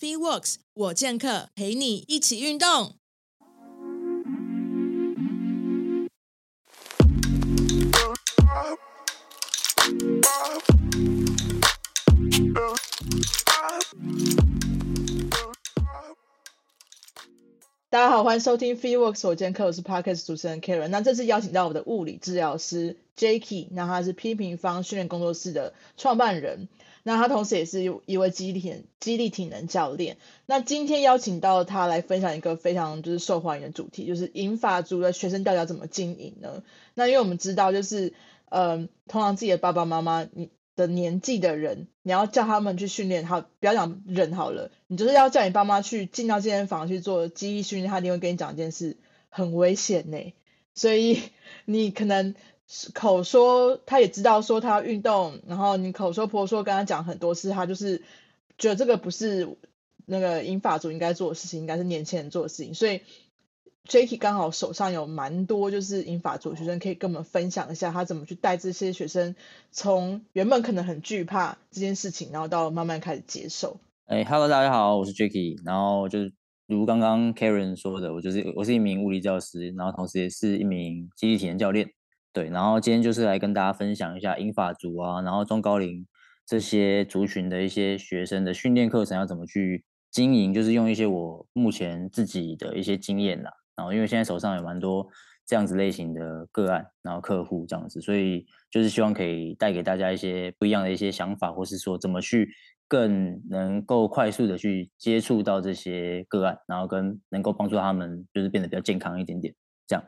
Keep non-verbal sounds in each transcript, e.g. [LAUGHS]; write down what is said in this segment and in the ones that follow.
Fitworks 我健客陪你一起運動。大家好，歡迎收聽 Fitworks 我健客，我是 Podcast 主持人 Karen。那這次邀請到我們的物理治療師 Jacky，那他是 P 平方訓練工作室的創辦人。那他同時也是一位肌力體能、肌力體能教練。那今天邀請到他來分享一個非常就是受歡迎的主題，就是銀髮族的學生到底要怎麼經營呢？那因為我們知道，就是嗯、呃，通常自己的爸爸媽媽、你的年紀的人，你要叫他們去訓練他，他不要講人好了，你就是要叫你爸媽去進到這間房去做肌力訓練，他一定會跟你講一件事，很危險呢。所以你可能。口說他也知道說他要運動，然後你口說婆說，跟他講很多次，他就是覺得這個不是那個銀髮族應該做的事情，應該是年輕人做的事情。所以，Jacky 剛好手上有蠻多就是銀髮族學生，可以跟我們分享一下他怎麼去帶這些學生，從原本可能很懼怕這件事情，然後到慢慢開始接受。哎、hey，Hello，大家好，我是 Jacky。然後就是如剛剛 Karen 說的，我就是我是一名物理治療師，然後同時也是一名肌力體能教練。對，然後今天就是來跟大家分享一下銀髮族啊，然後中高齡這些族群的一些學生的訓練課程要怎麼去經營，就是用一些我目前自己的一些經驗啦、啊。然後因為現在手上也蠻多這樣子類型的個案，然後客戶這樣子，所以就是希望可以帶給大家一些不一樣的一些想法，或是說怎麼去更能夠快速的去接觸到這些個案，然後跟能夠幫助他們就是變得比較健康一點點這樣。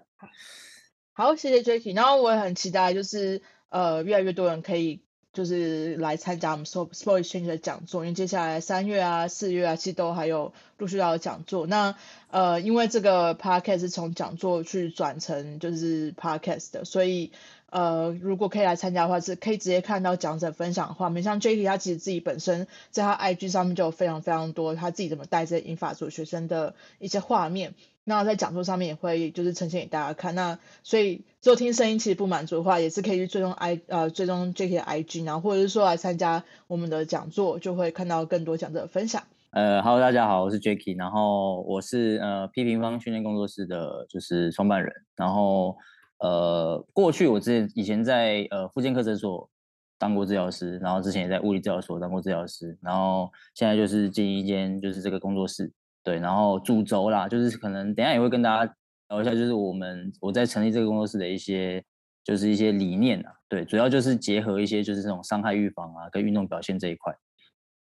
好，謝謝 Jacky。然後我也很期待，就是呃，越來越多人可以就是來參加我們 Sport XChange 的講座，因為接下來三月啊、四月啊，其實都還有陸續有講座。那呃，因為這個 Podcast 是從講座去轉成就是 Podcast 的，所以。呃，如果可以來參加的話，是可以直接看到講者分享的畫面。像 Jacky，他其實自己本身在他 IG 上面就有非常非常多他自己怎麼帶這些銀髮族學生的一些畫面。那在講座上面也會就是呈現給大家看。那所以，如果聽聲音其實不滿足的話，也是可以去追蹤 I 呃，追蹤 Jacky 的 IG，然後或者是說來參加我們的講座，就會看到更多講者的分享。呃哈嘍，Hello, 大家好，我是 Jacky，然後我是呃 P 平方訓練工作室的，就是創辦人，然後。呃，過去我之前以前在呃，復健科診所當過治療師，然後之前也在物理治療所當過治療師，然後現在就是進一間就是這個工作室，對，然後主軸啦，就是可能等下也會跟大家聊一下，就是我們我在成立這個工作室的一些就是一些理念啊，對，主要就是結合一些就是這種傷害預防啊跟運動表現這一塊，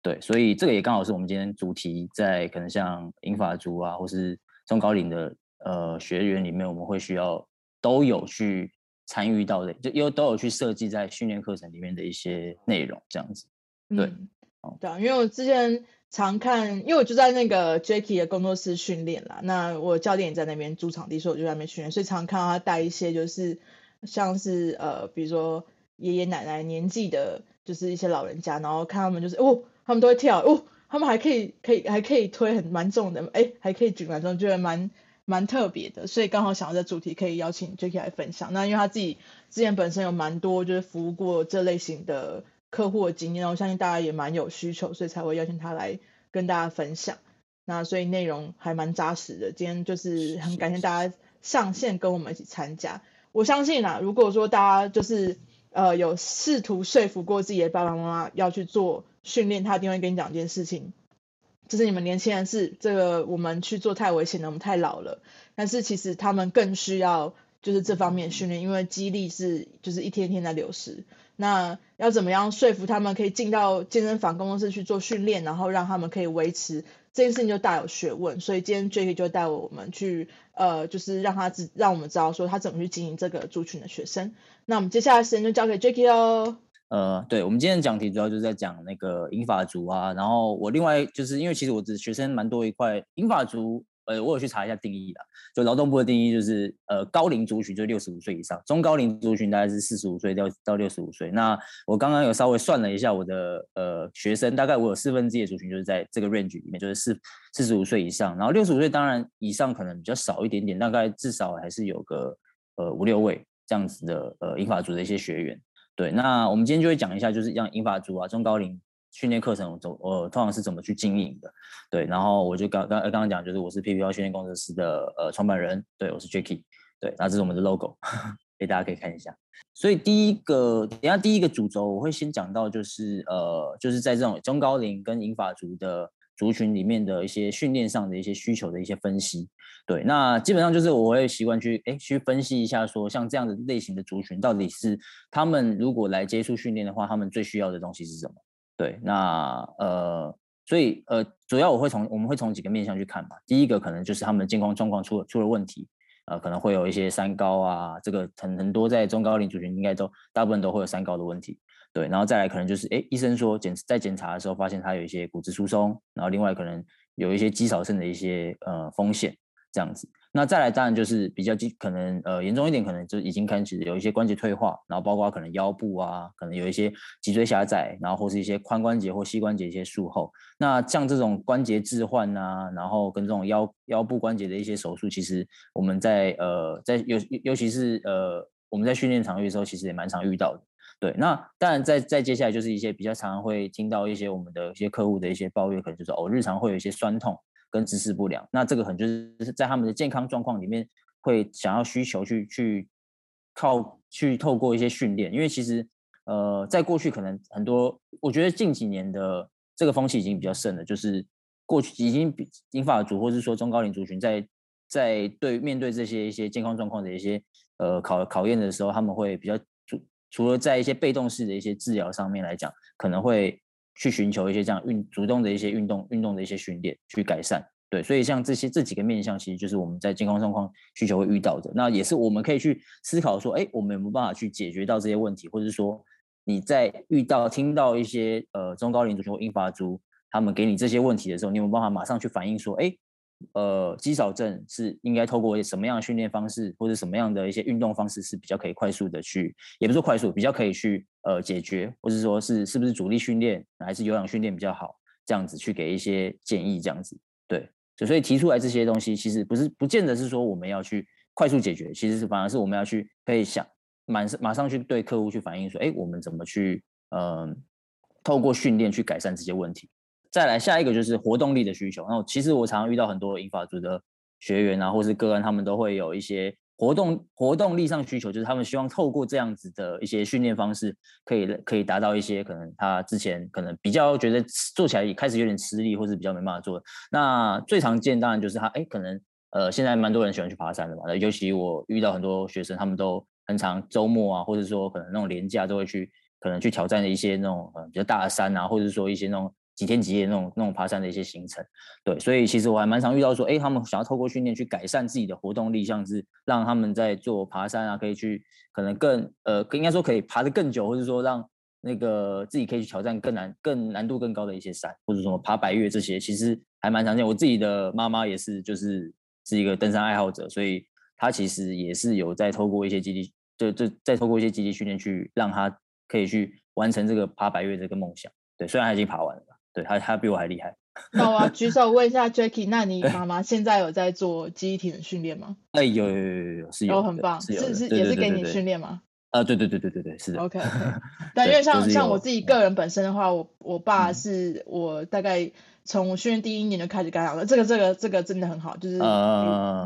對，所以這個也剛好是我們今天主題，在可能像銀髮族啊或是中高齡的呃學員裡面，我們會需要都有去參與到的，就因為，都有去設計在訓練課程裡面的一些內容這樣子。對，哦、嗯、對啊、因為我之前常看，因為我就在那個 Jacky 的工作室訓練啦，那我教練也在那邊租場地，所以我就在那邊訓練，所以常看到他帶一些就是像是呃，比如說爺爺奶奶年紀的，就是一些老人家，然後看他們就是哦，他們都會跳，哦，他們還可以可以還可以推很蠻重的，哎、欸，還可以舉蠻重，就覺得蠻。蠻特別的，所以剛好想要的主題可以邀請 Jacky 來分享。那因為他自己之前本身有蠻多就是服務過這類型的客戶的經驗，我相信大家也蠻有需求，所以才會邀請他來跟大家分享。那所以內容還蠻扎實的。今天就是很感謝大家上線跟我們一起參加。是是是。我相信啊，如果說大家就是呃有試圖說服過自己的爸爸媽媽要去做訓練，他一定會跟你講一件事情。就是你們年輕人是這個，我們去做太危險了，我們太老了。但是其實他們更需要就是這方面訓練，因為肌力是就是一天一天的流失。那要怎麼樣說服他們可以進到健身房、工作室去做訓練，然後讓他們可以維持這件事情，就大有學問。所以今天 Jacky 就帶我們去，呃，就是讓他讓我們知道說他怎麼去經營這個族群的學生。那我們接下來時間就交給 Jacky 嘍。呃，對，我們今天的講題主要就是在講那個銀髮族啊，然後我另外就是因為其實我的學生蠻多一塊銀髮族，呃，我有去查一下定義的，就勞動部的定義就是呃高齡族群就六十五歲以上，中高齡族群大概是四十五歲到到六十五歲。那我剛剛有稍微算了一下我的呃學生，大概我有四分之一的族群就是在這個 range 裡面，就是四四十五歲以上，然後六十五歲當然以上可能比較少一點點，大概至少還是有個呃五六位這樣子的呃銀髮族的一些學員。對，那我們今天就會講一下，就是像銀髮族啊、中高齡訓練課程，我、呃、我通常是怎麼去經營的。對，然後我就剛剛剛剛講，就是我是 P 平方訓練工作室的呃創辦人，對，我是 Jacky 對，那這是我們的 logo，給大家可以看一下。所以第一個，等下第一個主軸我會先講到，就是呃，就是在這種中高齡跟銀髮族的族群裡面的一些訓練上的一些需求的一些分析，對，那基本上就是我會習慣去，哎，去分析一下說，像這樣的類型的族群到底是他們如果來接觸訓練的話，他們最需要的東西是什麼？對，那呃，所以呃，主要我會從我們會從幾個面向去看吧。第一個可能就是他們的健康狀況出了出了問題，呃，可能會有一些三高啊，這個很很多在中高齡族群應該都大部分都會有三高的問題。對，然後再來可能就是，哎，醫生說檢在檢查的時候發現他有一些骨質疏鬆，然後另外可能有一些肌少症的一些呃風險這樣子。那再來當然就是比較肌，可能呃嚴重一點，可能就已經開始有一些關節退化，然後包括可能腰部啊，可能有一些脊椎狹窄，然後或是一些髖關節或膝關節一些術後。那像這種關節置換啊，然後跟這種腰腰部關節的一些手術，其實我們在呃在尤尤其是呃我們在訓練場域的時候，其實也蠻常遇到的。對，那當然在，再再接下來就是一些比較常會聽到一些我們的一些客戶的一些抱怨，可能就是哦，日常會有一些酸痛跟姿勢不良。那這個可能就是在他們的健康狀況裡面會想要需求去去靠去透過一些訓練，因為其實呃，在過去可能很多，我覺得近幾年的這個風氣已經比較盛了，就是過去已經比銀髮族或是說中高齡族群在在對面對這些一些健康狀況的一些呃考考驗的時候，他們會比較。除了在一些被動式的一些治療上面來講，可能會去尋求一些這樣運主動的一些運動、運動的一些訓練去改善。對，所以像這些這幾個面向，其實就是我們在健康狀況需求會遇到的。那也是我們可以去思考說，哎，我們有沒有辦法去解決到這些問題？或者說，你在遇到、聽到一些呃中高齡族群、銀髮族他們給你這些問題的時候，你有沒有辦法馬上去反映說，哎？呃，肌少症是應該透過什麼樣的訓練方式，或者什麼樣的一些運動方式是比較可以快速的去，也不是快速，比較可以去呃解決，或者說是是不是阻力訓練還是有氧訓練比較好，這樣子去給一些建議，這樣子，對，所所以提出來這些東西，其實不是不見得是說我們要去快速解決，其實是反而是我們要去可以想馬上馬上去對客戶去反映說，哎、欸，我們怎麼去呃透過訓練去改善這些問題。再來下一個就是活動力的需求。然後其實我常常遇到很多銀髮族的學員啊，或是個案，他們都會有一些活動活動力上需求，就是他們希望透過這樣子的一些訓練方式可，可以可以達到一些可能他之前可能比較覺得做起來也開始有點吃力，或是比較沒辦法做的。那最常見當然就是他哎、欸，可能呃現在蠻多人喜歡去爬山的嘛，尤其我遇到很多學生，他們都很常周末啊，或者說可能那種連假都會去，可能去挑戰一些那種呃比較大的山啊，或者說一些那種。幾天幾夜那種那種爬山的一些行程，對，所以其實我還蠻常遇到說，哎，他們想要透過訓練去改善自己的活動力，像是讓他們在做爬山啊，可以去可能更呃，應該說可以爬得更久，或者說讓那個自己可以去挑戰更難、更難度更高的一些山，或者說爬百岳這些，其實還蠻常見。我自己的媽媽也是，就是是一個登山愛好者，所以她其實也是有在透過一些肌力，就就再透過一些肌力訓練去讓她可以去完成這個爬百岳這個夢想。對，雖然她已經爬完了。對他，他比我還厲害。那我要舉手問一下 Jacky， [LAUGHS] 那你媽媽現在有在做肌體的訓練嗎？哎、欸，有有有有有是有，然後很棒，是有對對對對是也是給你訓練嗎？啊，對對對對對對，是的。Okay, OK，但因為像、就是、像我自己個人本身的話，我我爸是、嗯、我大概從訓練第一年就開始干擾了，這個這個這個真的很好，就是有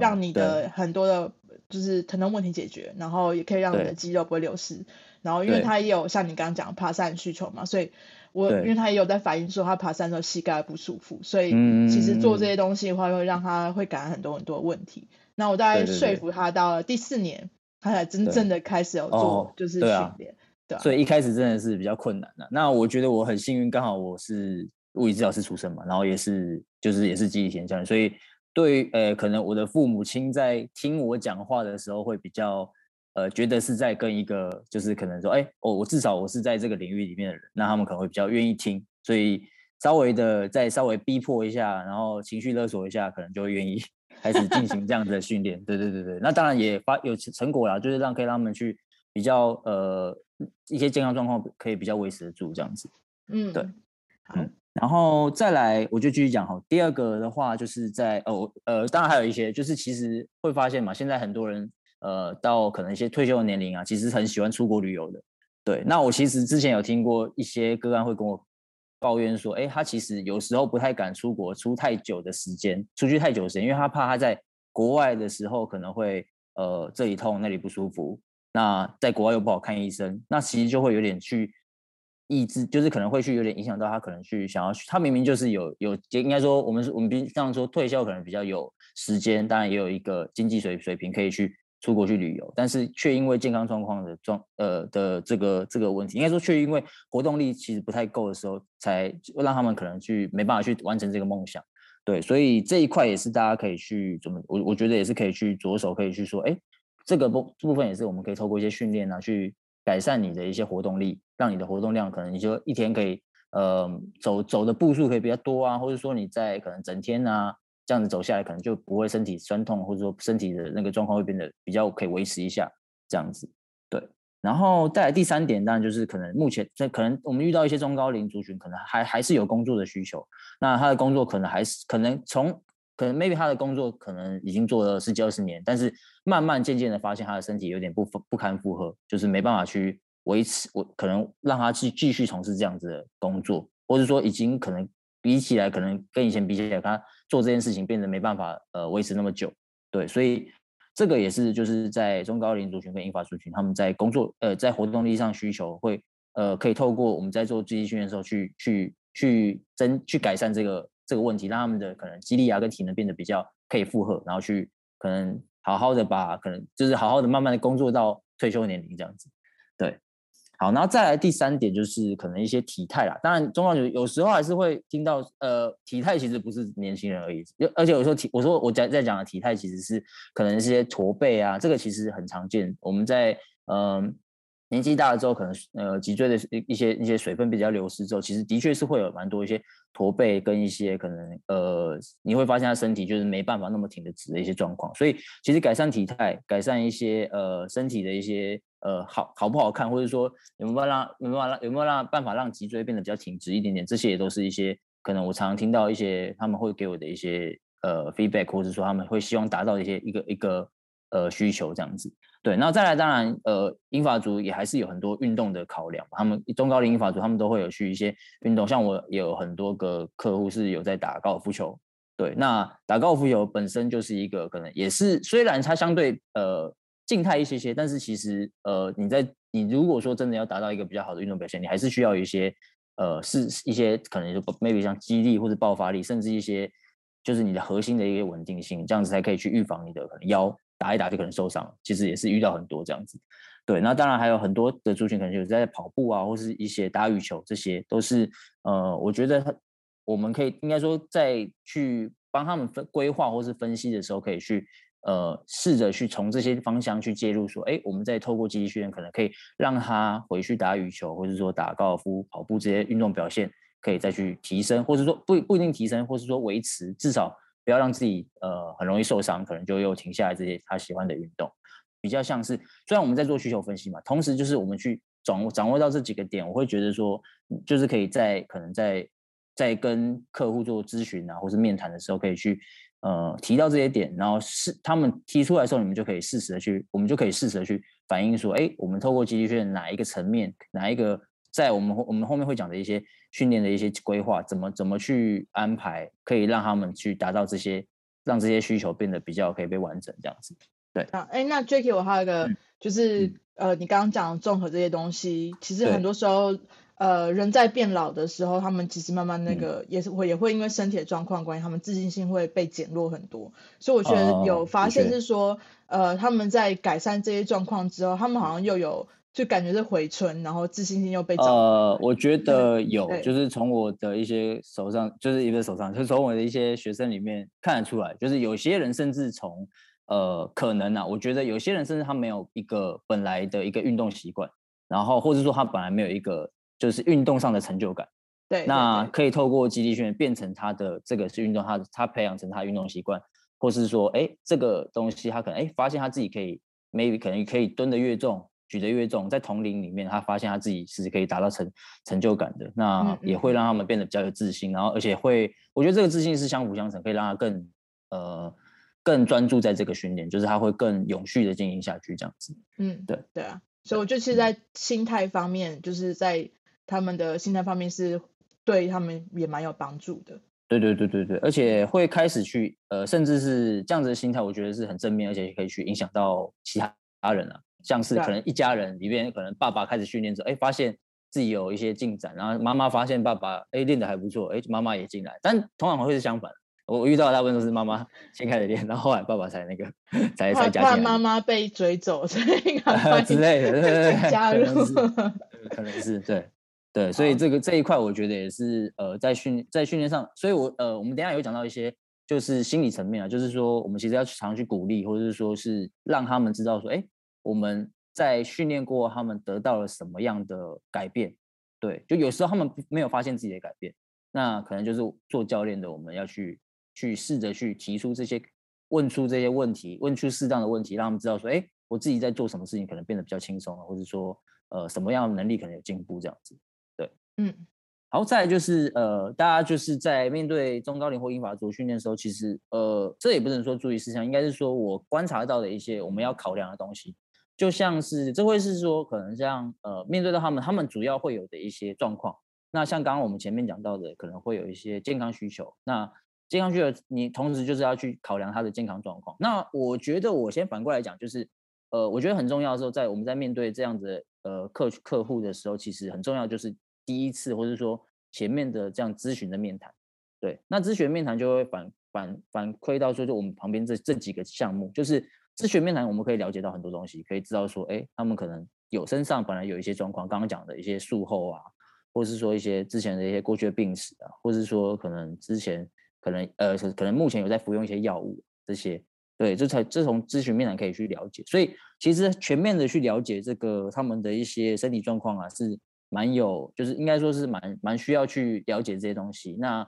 讓你的很多的就是疼痛問題解決，呃、然後也可以讓你的肌肉不會流失，對然後因為他也有像你剛剛講的爬山需求嘛，所以。我因為他也有在反映說他爬山的時候膝蓋不舒服，所以其實做這些東西的話，會讓他會感染很多很多的問題。那我大概說服他到了第四年，對對對，他才真正的開始有做，就是訓練、哦。對、啊，對啊、所以一開始真的是比較困難的、啊。那我覺得我很幸運，剛好我是物理治療師出身嘛，然後也是就是也是肌力體能教練，所以對呃，可能我的父母親在聽我講話的時候會比較。呃，覺得是在跟一個，就是可能說，哎，我、哦、我至少我是在這個領域裡面的人，那他們可能會比較願意聽，所以稍微的再稍微逼迫一下，然後情緒勒索一下，可能就願意開始進行這樣子的訓練。 [LAUGHS] 對對對對，那當然也發有成果啦，就是讓可以讓他們去比較呃一些健康狀況可以比較維持得住這樣子。嗯，對，好然後再來我就繼續講好，第二個的話就是在哦呃，呃，當然還有一些，就是其實會發現嘛，現在很多人。呃，到可能一些退休的年齡啊，其實很喜歡出國旅遊的。對，那我其實之前有聽過一些個案會跟我抱怨說，哎、欸，他其實有時候不太敢出國，出太久的時間，出去太久的時間，因為他怕他在國外的時候可能會呃這裡痛那裡不舒服，那在國外又不好看醫生，那其實就會有點去抑制，就是可能會去有點影響到他可能去想要去，他明明就是有有應該說我們我們這樣說退休可能比較有時間，當然也有一個經濟水水平可以去。出國去旅遊，但是卻因為健康狀況的狀呃的這個這個問題，應該說卻因為活動力其實不太夠的時候，才讓他們可能去沒辦法去完成這個夢想。對，所以這一塊也是大家可以去怎麼，我我覺得也是可以去着手，可以去說，誒，這個部這部分也是我們可以透過一些訓練啊，去改善你的一些活動力，讓你的活動量可能你就一天可以呃走走的步數可以比較多啊，或者說你在可能整天啊。這樣子走下來，可能就不會身體痠痛，或者說身體的那個狀況會變得比較可以維持一下。這樣子，對。然後再來第三點，當然就是可能目前，這可能我們遇到一些中高齡族群，可能還還是有工作的需求。那他的工作可能還是可能從可能 maybe 他的工作可能已經做了十幾二十年，但是慢慢漸漸的發現他的身體有點不不堪負荷，就是沒辦法去維持，我可能讓他去繼續從事這樣子的工作，或者說已經可能比起來，可能跟以前比起來他。做這件事情變得沒辦法，呃，維持那麼久，對，所以這個也是就是在中高齡族群跟銀髮族群，他們在工作，呃，在活動力上需求會，呃，可以透過我們在做積極訓練的時候去，去去去增去改善這個這個問題，讓他們的可能肌力啊跟體能變得比較可以負荷，然後去可能好好的把可能就是好好的慢慢的工作到退休年齡這樣子，對。好，然後再來第三點就是可能一些體態啦。當然，中老年有時候還是會聽到，呃，體態其實不是年輕人而已。而而且有時候體，我說我在在講的體態其實是可能一些駝背啊，這個其實很常見。我們在嗯、呃、年紀大了之後，可能呃脊椎的一些一些水分比較流失之後，其實的確是會有蠻多一些駝背跟一些可能呃你會發現他身體就是沒辦法那麼挺得直的一些狀況。所以其實改善體態，改善一些呃身體的一些。呃，好好不好看，或者說有沒有讓有沒有讓有沒有讓辦法讓脊椎變得比較挺直一點點，這些也都是一些可能我常常聽到一些他們會給我的一些呃 feedback，或者說他們會希望達到一些一個一個呃需求這樣子。對，那再來，當然呃，銀髮族也還是有很多運動的考量，他們中高齡銀髮族他們都會有去一些運動，像我有很多個客戶是有在打高爾夫球，對，那打高爾夫球本身就是一個可能也是雖然它相對呃。靜態一些些，但是其實，呃，你在你如果說真的要達到一個比較好的運動表現，你還是需要一些，呃，是一些可能就 maybe 像肌力或者爆發力，甚至一些就是你的核心的一個穩定性，這樣子才可以去預防你的可能腰打一打就可能受傷。其實也是遇到很多這樣子。對，那當然還有很多的族群可能有在跑步啊，或是一些打羽球，這些都是，呃，我覺得我們可以應該說在去幫他們規劃或是分析的時候，可以去。呃，試着去從這些方向去介入，說，哎，我們再透過肌力訓練，可能可以讓他回去打羽球，或者說打高爾夫、跑步這些運動表現可以再去提升，或是說不不一定提升，或是說維持，至少不要讓自己呃很容易受傷，可能就又停下來這些他喜歡的運動。比較像是，雖然我們在做需求分析嘛，同時就是我們去掌握掌握到這幾個點，我會覺得說，就是可以在可能在在跟客戶做諮詢啊，或是面談的時候，可以去。呃，提到這些點，然後是他們提出來的時候，你們就可以適時的去，我們就可以適時的去反映說，哎，我們透過機器訓練哪一個層面，哪一個在我們我們後面會講的一些訓練的一些規劃，怎麼怎麼去安排，可以讓他們去達到這些，讓這些需求變得比較可以被完整這樣子。對，哎、嗯，那 Jacky 我還有一個，就是呃，你剛剛講綜合這些東西，其實很多時候。呃，人在變老的時候，他們其實慢慢那個、嗯、也是會也會因為身體的狀況，關於他們自信心會被減弱很多。所以我覺得有發現是說，嗯、呃，他們在改善這些狀況之後，他們好像又有、嗯、就感覺是回春，然後自信心又被減呃，我覺得有，對就是從我的一些手上，對就是一個手上，就從我的一些學生裡面看得出來，就是有些人甚至從呃可能啊，我覺得有些人甚至他沒有一個本來的一個運動習慣，然後或者說他本來沒有一個。就是運動上的成就感，對、對、對，那可以透過肌力訓練變成他的這個是運動，他他培養成他運動習慣，或是說，哎、欸，這個東西他可能哎、欸、發現他自己可以，maybe 可能可以蹲得越重，舉得越重，在同齡裡面他發現他自己是可以達到成成就感的，那也會讓他們變得比較有自信，嗯嗯，然後而且會，我覺得這個自信是相輔相成，可以讓他更呃更專注在這個訓練，就是他會更永續的經營下去這樣子。嗯，對對啊，所以我覺得是在心態方面，嗯、就是在。他們的心態方面是對他們也蠻有幫助的。對對對對對，而且會開始去呃，甚至是這樣子的心態，我覺得是很正面，而且也可以去影響到其他他人啊。像是可能一家人裡面，可能爸爸開始訓練之後，哎，發現自己有一些進展，然後媽媽發現爸爸哎練得還不錯，哎，媽媽也進來。但通常會是相反，我遇到的大部分都是媽媽先開始練，然後後來爸爸才那個才，啊，才加入。怕媽媽被追走， [LAUGHS] 之類的。媽進對對，加入。可能是對。對，所以這個這一塊我覺得也是呃，在訓在訓練上，所以我呃，我們等一下有講到一些就是心理層面啊，就是說我們其實要常去鼓勵，或者是說是讓他們知道說，哎，我們在訓練過他們得到了什麼樣的改變。對，就有時候他們沒有發現自己的改變，那可能就是做教練的我們要去去試着去提出這些，問出這些問題，問出適當的問題，讓他們知道說，哎，我自己在做什麼事情可能變得比較輕鬆了，或者說呃什麼樣的能力可能有進步這樣子。嗯，好，再來就是呃，大家就是在面對中高齡或銀髮族訓練的時候，其實呃，這也不能說注意事項，應該是說我觀察到的一些我們要考量的東西，就像是這會是說可能像呃，面對到他們，他們主要會有的一些狀況。那像剛剛我們前面講到的，可能會有一些健康需求。那健康需求，你同時就是要去考量他的健康狀況。那我覺得我先反過來講，就是呃，我覺得很重要的時候，在我們在面對這樣子呃客客戶的時候，其實很重要就是。第一次，或是說前面的這樣諮詢的面談，對，那諮詢面談就會反反反饋到說，就我們旁邊這這幾個項目，就是諮詢面談，我們可以了解到很多東西，可以知道說，哎，他們可能有身上本來有一些狀況，剛剛講的一些術後啊，或是說一些之前的一些過去的病史啊，或是說可能之前可能呃可能目前有在服用一些藥物這些，對，這才這從諮詢面談可以去了解，所以其實全面的去了解這個他們的一些身體狀況啊是。蠻有，就是應該說是蠻蠻需要去了解這些東西。那，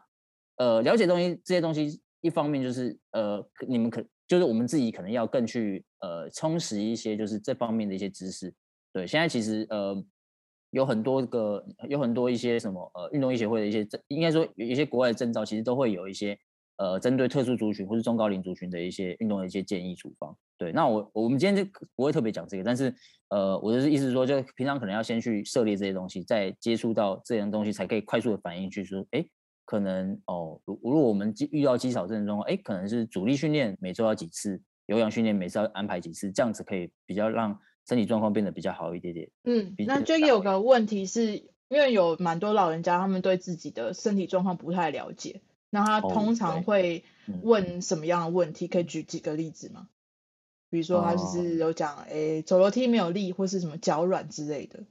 呃，了解東西這些東西，一方面就是呃，你們可就是我們自己可能要更去呃充實一些，就是這方面的一些知識。對，現在其實呃有很多個，有很多一些什麼呃運動醫學會的一些證，應該說有一些國外的證照，其實都會有一些呃針對特殊族群或是中高齡族群的一些運動的一些建議處方。對，那我我們今天就不會特別講這個，但是呃，我的意思是說，就平常可能要先去涉獵這些東西，再接觸到這些東西，才可以快速的反應去說，哎，可能哦，如如果我們遇到肌少症的狀況，哎，可能是阻力訓練每週要幾次，有氧訓練每週要安排幾次，這樣子可以比較讓身體狀況變得比較好一點點。嗯，那就有個問題是因為有蠻多老人家他們對自己的身體狀況不太了解，那他通常會問什麼樣的問題？哦嗯、可以舉幾個例子嗎？比如說，他就是有講，哎、oh.，走樓梯沒有力，或是什麼腳軟之類的。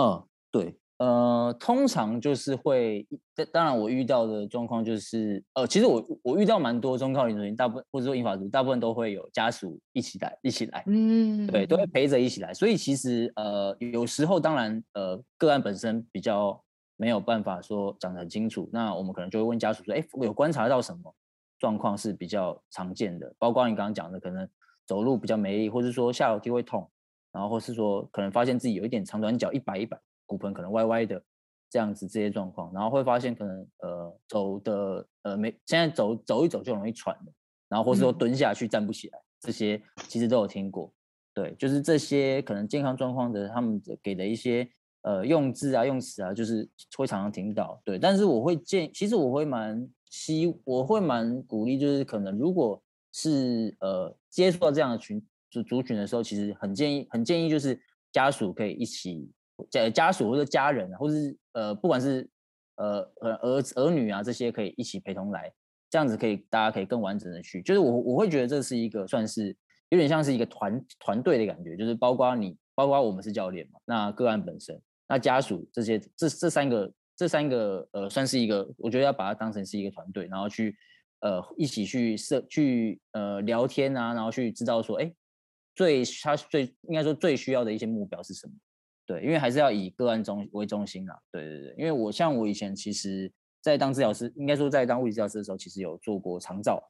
嗯，對，呃，通常就是會，當然，我遇到的狀況就是，呃，其實我我遇到蠻多中高齡族大部分或者說銀髮族，大部分都會有家屬一起來一起來，嗯、mm，hmm. 對，都會陪着一起來。所以其實，呃，有時候當然，呃，個案本身比較沒有辦法說講得很清楚，那我們可能就會問家屬說，哎，有觀察到什麼狀況是比較常見的？包括你剛剛講的，可能。走路比較沒力，或者說下樓梯會痛，然後或是說可能發現自己有一點長短腳，腳一擺一擺，骨盆可能歪歪的，這樣子，這些狀況，然後會發現可能呃走的呃沒現在走走一走就容易喘，然後或是說蹲下去站不起來，嗯、這些其實都有聽過，對，就是這些可能健康狀況的，他們給的一些呃用字啊用詞啊，就是會常常聽到，對，但是我會建其實我會蠻希我會蠻鼓勵，就是可能如果是呃。接觸到這樣的群族族群的時候，其實很建議，很建議就是家屬可以一起家家屬或者家人，或者是呃，不管是呃兒兒兒女啊這些可以一起陪同來，這樣子可以大家可以更完整的去，就是我我會覺得這是一個算是有點像是一個團團隊的感覺，就是包括你，包括我們是教練嘛，那個案本身，那家屬這些這這三個這三個呃算是一個，我覺得要把它當成是一個團隊，然後去。呃，一起去設去呃聊天啊，然後去知道說，哎，最他最應該說最需要的一些目標是什麼？對，因為還是要以個案中為中心啊。對對對，因為我像我以前其實在當治療師，應該說在當物理治療師的時候，其實有做過長照，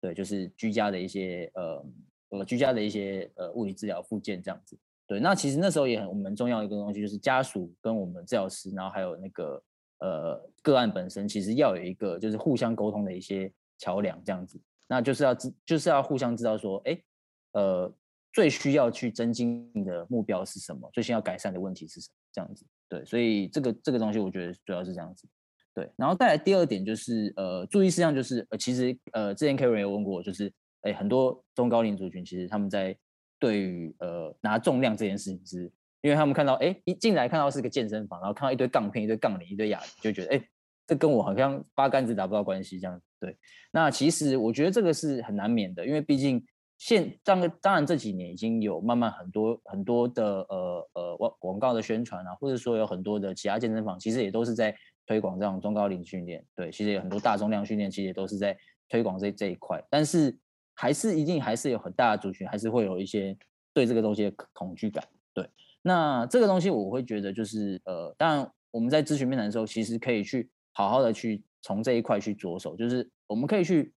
對，就是居家的一些呃呃居家的一些呃物理治療復健這樣子。對，那其實那時候也很我們重要一個東西就是家屬跟我們治療師，然後還有那個呃個案本身，其實要有一個就是互相溝通的一些。橋梁這樣子，那就是要知，就是要互相知道說，哎、欸，呃，最需要去增進的目標是什麼？最先要改善的問題是什麼？這樣子，對，所以這個這個東西，我覺得主要是這樣子，對。然後再來第二點就是，呃，注意事項就是，呃，其實，呃，之前 Karen 有問過我，就是，哎、欸，很多中高齡族群其實他們在對於呃拿重量這件事情是，因為他們看到，哎、欸，一進來看到是個健身房，然後看到一堆槓片、一堆槓鈴、一堆啞鈴，就覺得，哎、欸。這跟我好像八竿子打不到關係，這樣，對。那其實我覺得這個是很難免的，因為畢竟現當當然這幾年已經有慢慢很多很多的呃呃廣廣告的宣傳啊，或者說有很多的其他健身房其實也都是在推廣這種中高齡訓練，對，其實有很多大重量訓練其實也都是在推廣這這一塊，但是還是一定還是有很大的族群還是會有一些對這個東西的恐懼感，對。那這個東西我會覺得就是呃，當然我們在諮詢面談的時候，其實可以去。好好的去從這一塊去着手，就是我們可以去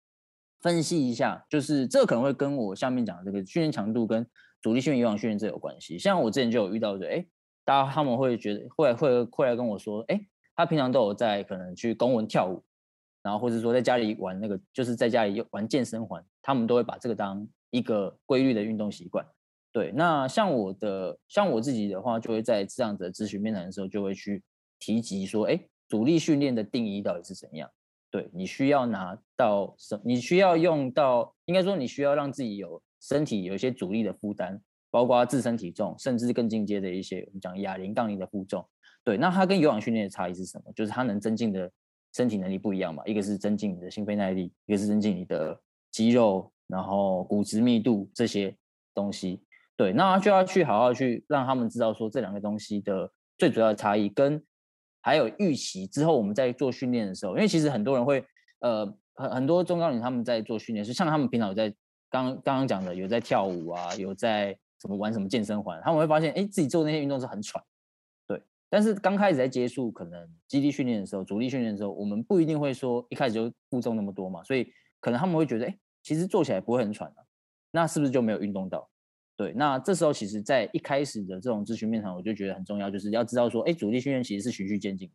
分析一下，就是這可能會跟我下面講的這個訓練強度跟阻力訓練、有氧訓練這有關係。像我之前就有遇到的，哎、欸，大家他們會覺得，會會會來跟我說，哎、欸，他平常都有在可能去公文跳舞，然後或者說在家裡玩那個，就是在家裡玩健身環，他們都會把這個當一個規律的運動習慣。對，那像我的，像我自己的話，就會在這樣的諮詢面談的時候，就會去提及說，哎、欸。阻力訓練的定義到底是怎樣？對，你需要拿到什？你需要用到，應該說你需要讓自己有身體有一些阻力的負擔，包括自身體重，甚至更進階的一些我們講啞鈴、槓鈴的負重。對，那它跟有氧訓練的差異是什麼？就是它能增進的身體能力不一樣嘛，一個是增進你的心肺耐力，一個是增進你的肌肉，然後骨質密度這些東西。對，那就要去好好去讓他們知道說這兩個東西的最主要的差異跟。還有預習之後，我們在做訓練的時候，因為其實很多人會，呃，很很多中高齡他們在做訓練，就像他們平常有在剛剛剛講的，有在跳舞啊，有在什麼玩什麼健身環，他們會發現，哎，自己做那些運動是很喘，對。但是剛開始在接觸可能肌力訓練的時候，阻力訓練的時候，我們不一定會說一開始就負重那麼多嘛，所以可能他們會覺得，哎，其實做起來不會很喘啊，那是不是就沒有運動到？對，那這時候其實，在一開始的這種諮詢面談，我就覺得很重要，就是要知道說，哎，阻力訓練其實是循序漸進。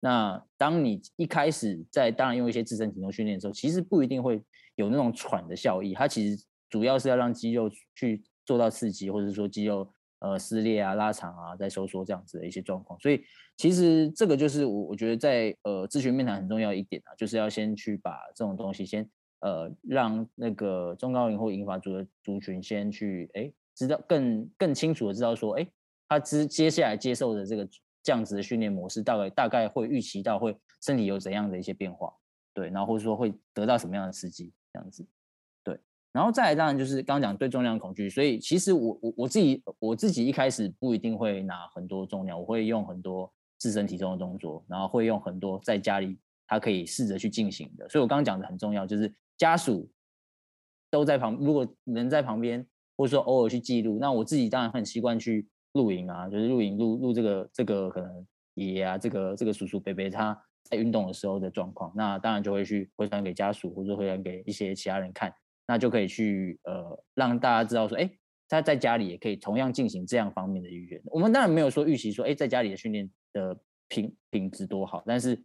那當你一開始在當然用一些自身體重訓練的時候，其實不一定會有那種喘的效益，它其實主要是要讓肌肉去做到刺激，或者是說肌肉呃撕裂啊、拉長啊、再收縮這樣子的一些狀況。所以其實這個就是我我覺得在呃諮詢面談很重要一點啊，就是要先去把這種東西先呃讓那個中高齡或銀髮族的族群先去哎。誒知道更更清楚的知道說，哎、欸，他接接下來接受的這個這樣子的訓練模式，大概大概會預期到會身體有怎樣的一些變化，對，然後或者說會得到什麼樣的刺激，這樣子，對，然後再來當然就是剛剛講對重量的恐懼，所以其實我我我自己我自己一開始不一定會拿很多重量，我會用很多自身體重的動作，然後會用很多在家裡他可以試着去進行的，所以我剛剛講的很重要，就是家屬都在旁，如果人在旁邊。或者說偶爾去記錄，那我自己當然很習慣去錄影啊，就是錄影，錄露，露這個這個可能爺爺啊，這個這個叔叔伯伯他在運動的時候的狀況，那當然就會去回傳給家屬或者回傳給一些其他人看，那就可以去呃讓大家知道說，哎他在家裡也可以同樣進行這樣方面的預熱。我們當然沒有說預期說，哎在家裡的訓練的品品質多好，但是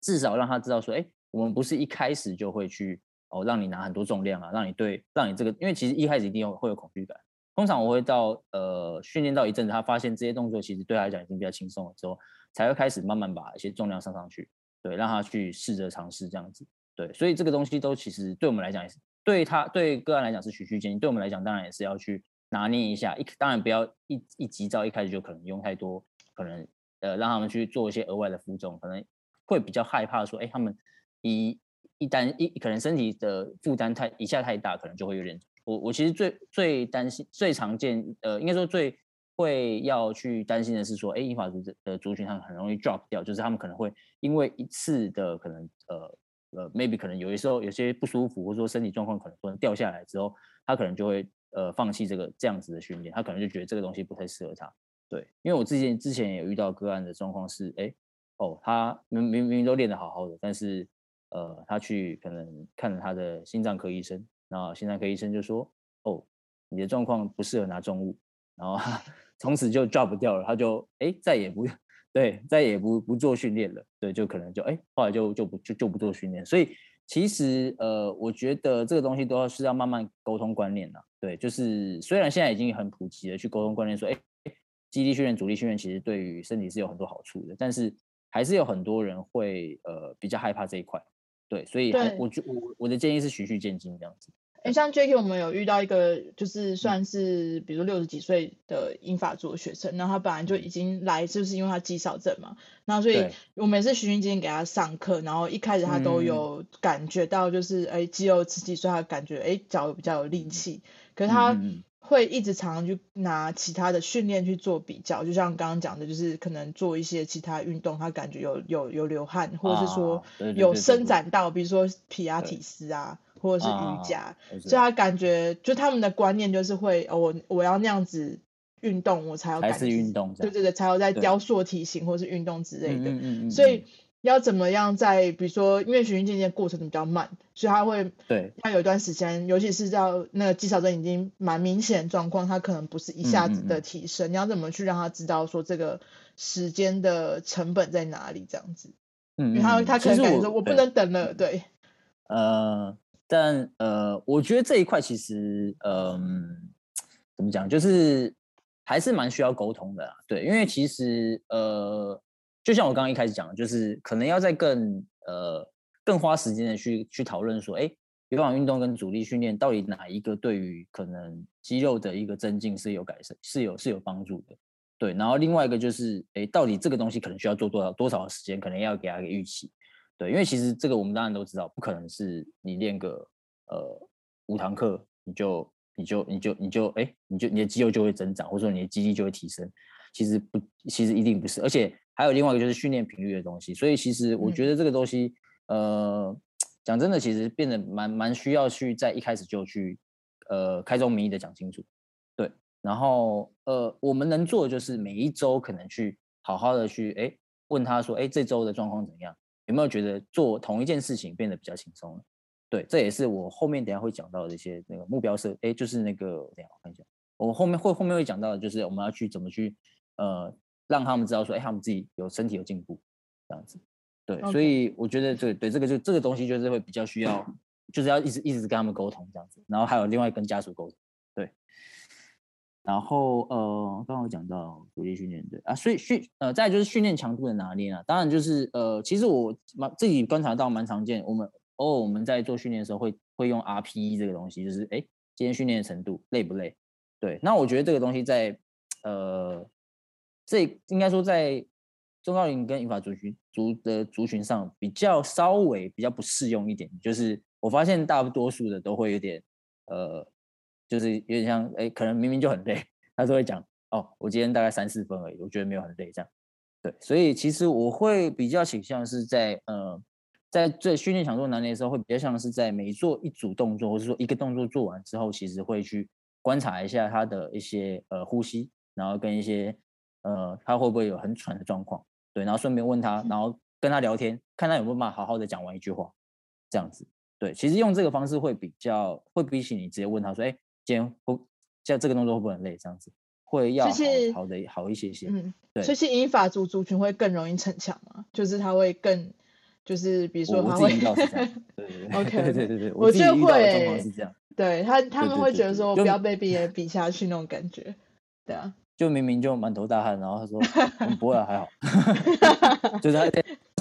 至少讓他知道說，哎我們不是一開始就會去。我讓你拿很多重量啊，讓你對，讓你這個，因為其實一開始一定有會有恐懼感。通常我會到呃訓練到一陣子，他發現這些動作其實對他來講已經比較輕鬆了之後，才會開始慢慢把一些重量上上去，對，讓他去試着嘗試這樣子，對。所以這個東西都其實對我們來講，也是，對他對個案來講是循序漸進，對我們來講當然也是要去拿捏一下，一當然不要一一急躁，一開始就可能用太多，可能呃讓他們去做一些額外的負重，可能會比較害怕說，哎，他們一。一旦一可能身體的負擔太一下太大，可能就會有點。我我其實最最擔心、最常見呃，應該說最會要去擔心的是說，哎，銀髮族的族群他們很容易 drop 掉，就是他們可能會因為一次的可能呃呃，maybe 可能有的時候有些不舒服，或者說身體狀況可能不能掉下來之後，他可能就會呃放棄這個這樣子的訓練，他可能就覺得這個東西不太適合他。對，因為我之前之前有遇到個案的狀況是，哎哦，他明明明都練得好好的，但是。呃，他去可能看了他的心臟科醫生，然後心臟科醫生就說：“哦，你的狀況不適合拿重物。”然後從此就 drop 掉了。他就哎、欸，再也不，對，再也不不做訓練了。對，就可能就哎、欸，後來就就不就就不做訓練。所以其實呃，我覺得這個東西都是要慢慢溝通觀念啦。對，就是雖然現在已經很普及的去溝通觀念說，說、欸、哎，肌力訓練、阻力訓練其實對於身體是有很多好處的，但是還是有很多人會呃比較害怕這一塊。對，所以對我就我我的建議是循序漸進這樣子。哎，像 Jacky，我們有遇到一個就是算是，比如說六十幾歲的銀髮族學生，嗯、然後他本來就已經來，嗯、就是因為他肌少症嘛，那所以我每次循序漸進給他上課，然後一開始他都有感覺到，就是哎、嗯、肌肉刺激，所以他感覺哎腳比較有力氣，可是他。嗯會一直常常去拿其他的訓練去做比較，就像剛剛講的，就是可能做一些其他運動，他感覺有有有流汗，或者是說有伸展到，比如說皮拉提斯啊，對或者是瑜伽，啊、對對，所以他感覺就他們的觀念就是會，哦、我我要那樣子運動，我才要才是運動，就這對對對才要在雕塑體型對或是運動之類的，嗯嗯嗯嗯嗯所以。要怎麼樣在比如說，因為循序漸進過程比較慢，所以他會對，他有一段時間，對尤其是到那個肌少症已經蠻明顯的狀況，他可能不是一下子的提升。嗯嗯嗯，你要怎麼去讓他知道說這個時間的成本在哪裡？這樣子，嗯，嗯，他他可能感覺說我不能等了。對，對呃，但呃，我覺得這一塊其實，嗯、呃，怎麼講，就是還是蠻需要溝通的、啊，對，因為其實呃。就像我剛剛一開始講的，就是可能要再更呃更花時間的去去討論說，哎，有氧運動跟阻力訓練到底哪一個對於可能肌肉的一個增進是有改善是有是有幫助的，對。然後另外一個就是，哎，到底這個東西可能需要做多少多少時間，可能要給他一個預期，對。因為其實這個我們當然都知道，不可能是你練個呃五堂課你就你就你就你就哎你就你的肌肉就會增長，或者說你的肌力就會提升，其實不其實一定不是，而且。還有另外一個就是訓練頻率的東西，所以其實我覺得這個東西，嗯、呃，講真的，其實變得蠻蠻需要去在一開始就去，呃，開宗明義的講清楚，對，然後呃，我們能做的就是每一周可能去好好的去，哎，問他說，哎，這周的狀況怎樣？有沒有覺得做同一件事情變得比較輕鬆了？對，這也是我後面等一下會講到的一些那個目標是，哎，就是那個，等一下，我看一下，我後面會後面會講到的就是我們要去怎麼去，呃。讓他們知道說，哎，他們自己有身體有進步，這樣子。對，Okay. 所以我覺得，對對，這個就這個東西就是會比較需要，oh. 就是要一直一直跟他們溝通這樣子。然後還有另外跟家屬溝通，對。然後呃，剛剛講到阻力訓練，對啊，所以訓呃，再就是訓練強度的拿捏啊。當然就是呃，其實我蠻自己觀察到蠻常見，我們偶爾、哦、我們在做訓練的時候會會用 RPE 這個東西，就是哎，今天訓練的程度累不累？對，那我覺得這個東西在呃。這應該說在中高齡跟銀髮族群族的族群上比較稍微比較不適用一點，就是我發現大多數的都會有點呃，就是有點像哎，可能明明就很累，他都會講哦，我今天大概三四分而已，我覺得沒有很累這樣。對，所以其實我會比較傾向是在呃，在最訓練強度難練的時候，會比較像是在每做一組動作或者說一個動作做完之後，其實會去觀察一下他的一些呃呼吸，然後跟一些。呃，他會不會有很喘的狀況？對，然後順便問他，然後跟他聊天，看他有沒有辦法好好的講完一句話，這樣子。對，其實用這個方式會比較，會比起你直接問他說：“哎、欸，今天不，像這，這個動作會不會很累？”這樣子會要好，是好的好一些些。嗯，對。所以是銀髮族族群會更容易逞強嘛？就是他會更，就是比如說他會， [LAUGHS] 對對對對對，我就會對他，他們會覺得說：“我就不要被別人比下去那種感覺。” [LAUGHS] 對啊。就明明就滿頭大汗，然後他說、嗯、不會、啊、還好， [LAUGHS] 就是他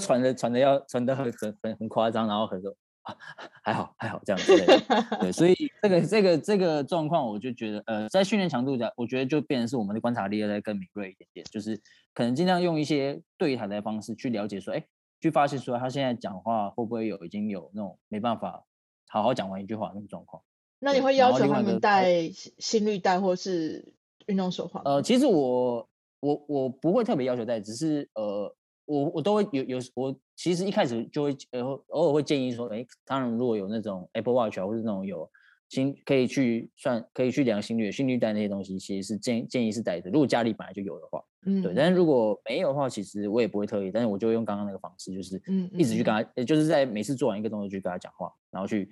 喘的喘的要喘的很很很誇張，然後可能說、啊、還好還好這樣子類的，對，所以這個這個這個狀況，我就覺得呃，在訓練強度上，我覺得就變成是我們的觀察力要再更敏銳一點點，就是可能盡量用一些對談的方式去了解說，哎，去發現說他現在講話會不會有已經有那種沒辦法好好講完一句話那種、個、狀況。那你會要求他們戴、就是、心率帶或是？運動手環，呃，其實我我我不會特別要求戴，只是呃，我我都會有有我其實一開始就會，然、呃、偶爾會建議說，哎，當然如果有那種 Apple Watch 或者那種有心可以去算，可以去量心率、心率帶那些東西，其實是建建議是戴着。如果家裡本來就有的話，嗯，嗯，對。但是如果沒有的話，其實我也不會特意，但是我就用剛剛那個方式，就是嗯，嗯，一直去跟他，就是在每次做完一個動作去跟他講話，然後去。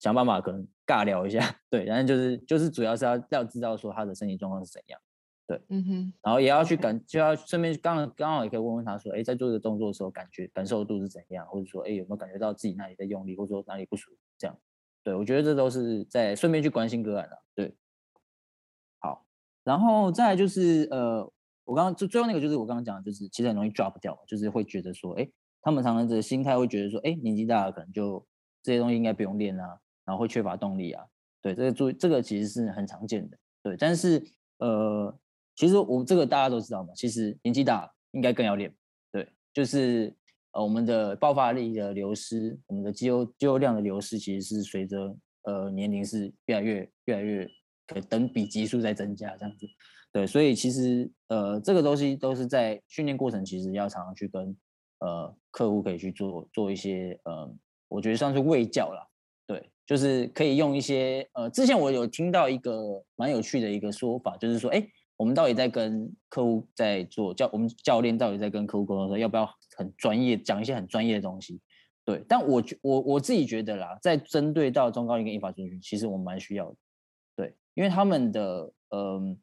想辦法可能尬聊一下，對，然後就是就是主要是要要知道說他的身體狀況是怎樣，對，嗯哼，然後也要去感，就要順便剛剛剛好也可以問問他說，哎，在做這個動作的時候感覺感受度是怎樣，或者說哎有沒有感覺到自己哪裡在用力，或者說哪裡不熟這樣，對我覺得這都是在順便去關心個案的，對，好，然後再來就是呃我剛剛最最後那個就是我剛剛講的就是其實很容易 drop 掉嘛，就是會覺得說，哎，他們常常的心態會覺得說，哎，年紀大了可能就這些東西應該不用練啊。然後會缺乏動力啊，對，這個注意，這個其實是很常見的，對。但是，呃，其實我這個大家都知道嘛，其實年紀大應該更要練，對。就是呃，我們的爆發力的流失，我們的肌肉肌肉量的流失，其實是隨着呃年齡是越來越越來越等比級數在增加這樣子，對。所以其實呃，這個東西都是在訓練過程，其實要常常去跟呃客戶可以去做做一些呃，我覺得算是衛教啦。就是可以用一些呃，之前我有聽到一個蠻有趣的一個說法，就是說，誒，我們到底在跟客戶在做教我們教練到底在跟客戶溝通說要不要很專業講一些很專業的東西？對，但我我我自己覺得啦，在針對到中高齡跟銀髮族群，其實我們蠻需要的，對，因為他們的嗯、呃，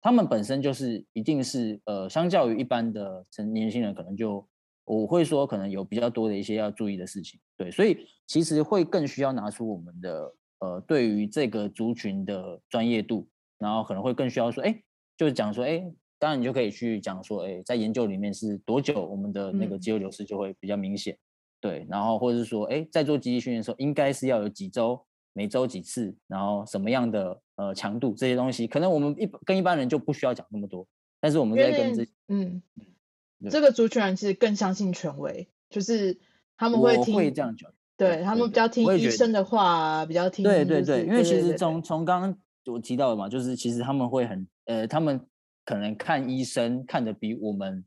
他們本身就是一定是呃，相較於一般的成年輕人，可能就。我會說，可能有比較多的一些要注意的事情，對，所以其實會更需要拿出我們的呃，對於這個族群的專業度，然後可能會更需要說，哎，就是講說，哎，當然你就可以去講說，哎，在研究裡面是多久我們的那個肌肉流失就會比較明顯，嗯、對，然後或者是說，哎，在做積極訓練的時候，應該是要有幾週，每週幾次，然後什麼樣的呃強度這些東西，可能我們一跟一般人就不需要講那麼多，但是我們在跟這嗯。這個族群人其實更相信權威，就是他們會聽這樣講，對他們比較聽醫生的話，比較聽，對對對，因為其實從從剛剛我提到的嘛，就是其實他們會很呃，他們可能看醫生看的比我們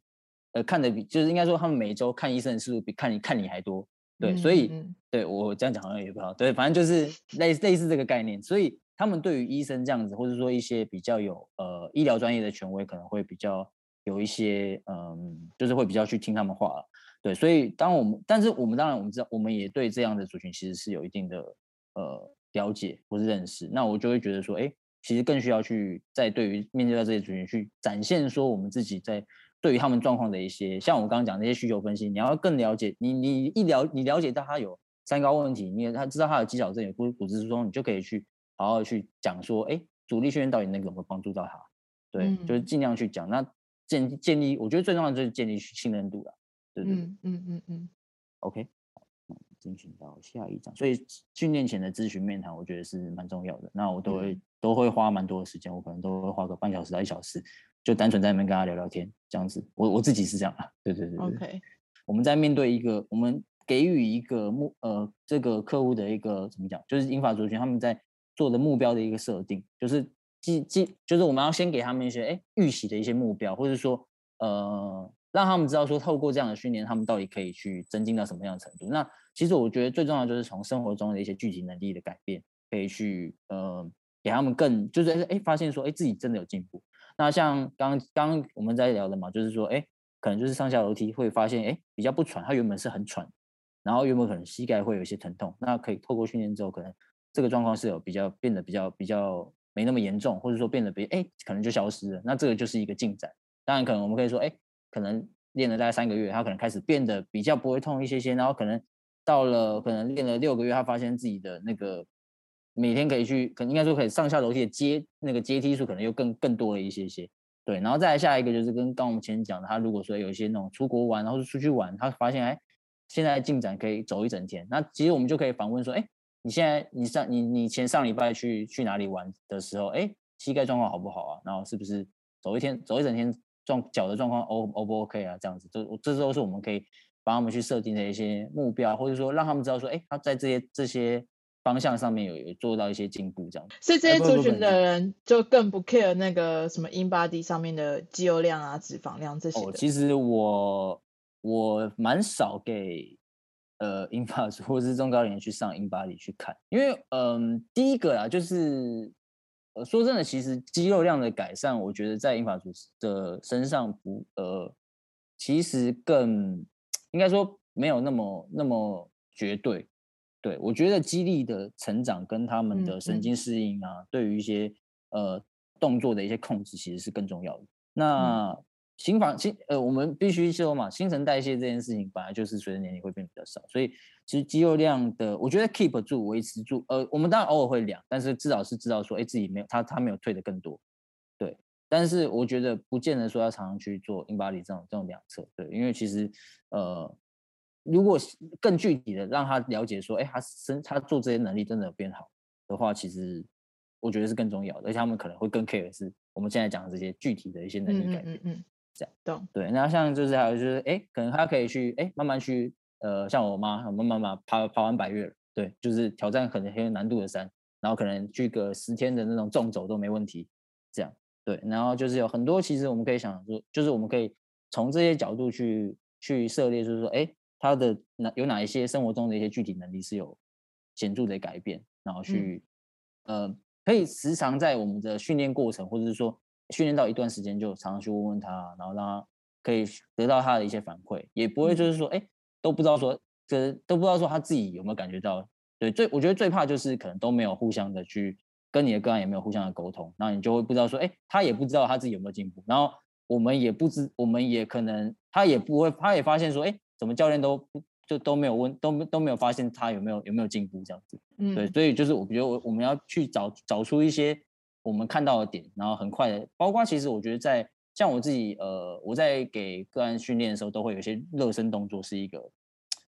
呃看的比，就是應該說他們每一週看醫生的次數比看你看你還多，對，所以對我這樣講好像也不好，對，反正就是類類似這個概念，所以他們對於醫生這樣子，或者說一些比較有呃醫療專業的權威，可能會比較。有一些嗯，就是會比較去聽他們話了，對，所以當我們，但是我們當然我們知道，我們也對這樣的族群其實是有一定的呃了解或是認識，那我就會覺得說，哎，其實更需要去在對於面對到這些族群去展現說我們自己在對於他們狀況的一些，像我剛剛講的那些需求分析，你要更了解，你你一了你了解到他有三高問題，你也他知道他有肌少症有骨骨質疏鬆，你就可以去好好去講說，哎，阻力訓練到底能夠幫助到他，對，嗯、就是盡量去講那。建建立，我覺得最重要的就是建立信任度了，對不對，對？嗯嗯嗯，嗯 OK，好，進行到下一章。所以訓練前的諮詢面談，我覺得是蠻重要的。那我都會、嗯、都會花蠻多的時間，我可能都會花個半小時到一小時，就單純在裡面跟他聊聊天，這樣子。我我自己是這樣啊。對對對，對，對。OK，我們在面對一個，我們給予一個目呃，這個客戶的一個怎麼講，就是銀髮族群他們在做的目標的一個設定，就是。即即就是我們要先給他們一些哎預習的一些目標，或者說呃讓他們知道說透過這樣的訓練，他們到底可以去增進到什麼樣的程度。那其實我覺得最重要就是從生活中的一些具體能力的改變，可以去呃給他們更就是哎、欸、發現說哎、欸、自己真的有進步。那像剛剛我們在聊的嘛，就是說哎、欸、可能就是上下樓梯會發現哎、欸、比較不喘，他原本是很喘，然後原本可能膝蓋會有一些疼痛，那可以透過訓練之後，可能這個狀況是有比較變得比較比較。沒那麼嚴重，或者說變得比哎可能就消失了，那這個就是一個進展。當然可能我們可以說哎，可能練了大概三個月，他可能開始變得比較不會痛一些些，然後可能到了可能練了六個月，他發現自己的那個每天可以去，可能應該說可以上下樓梯的階那個階梯數可能又更更多了一些些，對。然後再來下一個就是跟剛剛我們前講的，他如果說有一些那種出國玩，然後出去玩，他發現哎現在進展可以走一整天，那其實我們就可以反問說哎。誒你現在，你上你你前上禮拜去去哪裡玩的時候，哎、欸，膝蓋狀況好不好啊？然後是不是走一天走一整天，狀腳的狀況 O 不 O K 啊？這樣子，這這都是我們可以幫他們去設定的一些目標，或者說讓他們知道說，哎、欸，他在這些這些方向上面有、有做到一些進步，這樣子。所以這些族群的人就更不 care 那個什麼 in body 上面的肌肉量啊、脂肪量這些、欸哦，其實我我蠻少給。呃，銀髮族或是中高齡去上 InBody 去看，因為，嗯、呃，第一個啦，就是，呃，說真的，其實肌肉量的改善，我覺得在銀髮族的身上不，呃，其實更應該說沒有那麼那麼絕對。對。我覺得肌力的成長跟他們的神經適應啊，嗯嗯、對於一些呃動作的一些控制，其實是更重要的。那、嗯新房，新，呃，我們必須說嘛，新陳代謝這件事情本來就是隨着年齡會變比較少，所以其實肌肉量的，我覺得 keep 住、維持住，呃，我們當然偶爾會量，但是至少是知道說，哎、欸，自己沒有他他沒有退得更多，對。但是我覺得不見得說要常常去做 InBody 這種這種量測，對，因為其實呃，如果更具體的讓他了解說，哎、欸，他生，他做這些能力真的有變好的話，其實我覺得是更重要的，而且他們可能會更 care 的是我們現在講的這些具體的一些能力改變。嗯嗯嗯懂，對，然後像就是還有就是，誒，可能他可以去，誒，慢慢去，呃，像我媽，慢慢慢爬爬完百嶽，對，就是挑戰可能很有難度的山，然後可能去個十天的那種縱走都沒問題，這樣，對，然後就是有很多，其實我們可以想說，就是我們可以從這些角度去去涉獵，就是說，哎，他的哪有哪一些生活中的一些具體能力是有顯著的改變，然後去，嗯、呃，可以時常在我們的訓練過程或者是說。訓練到一段時間，就常常去問問他，然後讓他可以得到他的一些反饋，也不會就是說，哎、嗯，都不知道說，這、就是、都不知道說他自己有沒有感覺到。對，最我覺得最怕就是可能都沒有互相的去跟你的個案也沒有互相的溝通，然後你就會不知道說，哎，他也不知道他自己有沒有進步，然後我們也不知，我們也可能他也不會，他也發現說，哎，怎麼教練都就都沒有問，都都沒有發現他有沒有有沒有進步這樣子。嗯，對，所以就是我覺得我我們要去找找出一些。我們看到的點，然後很快的，的包括其實我覺得在像我自己，呃，我在給個案訓練的時候，都會有一些熱身動作，是一個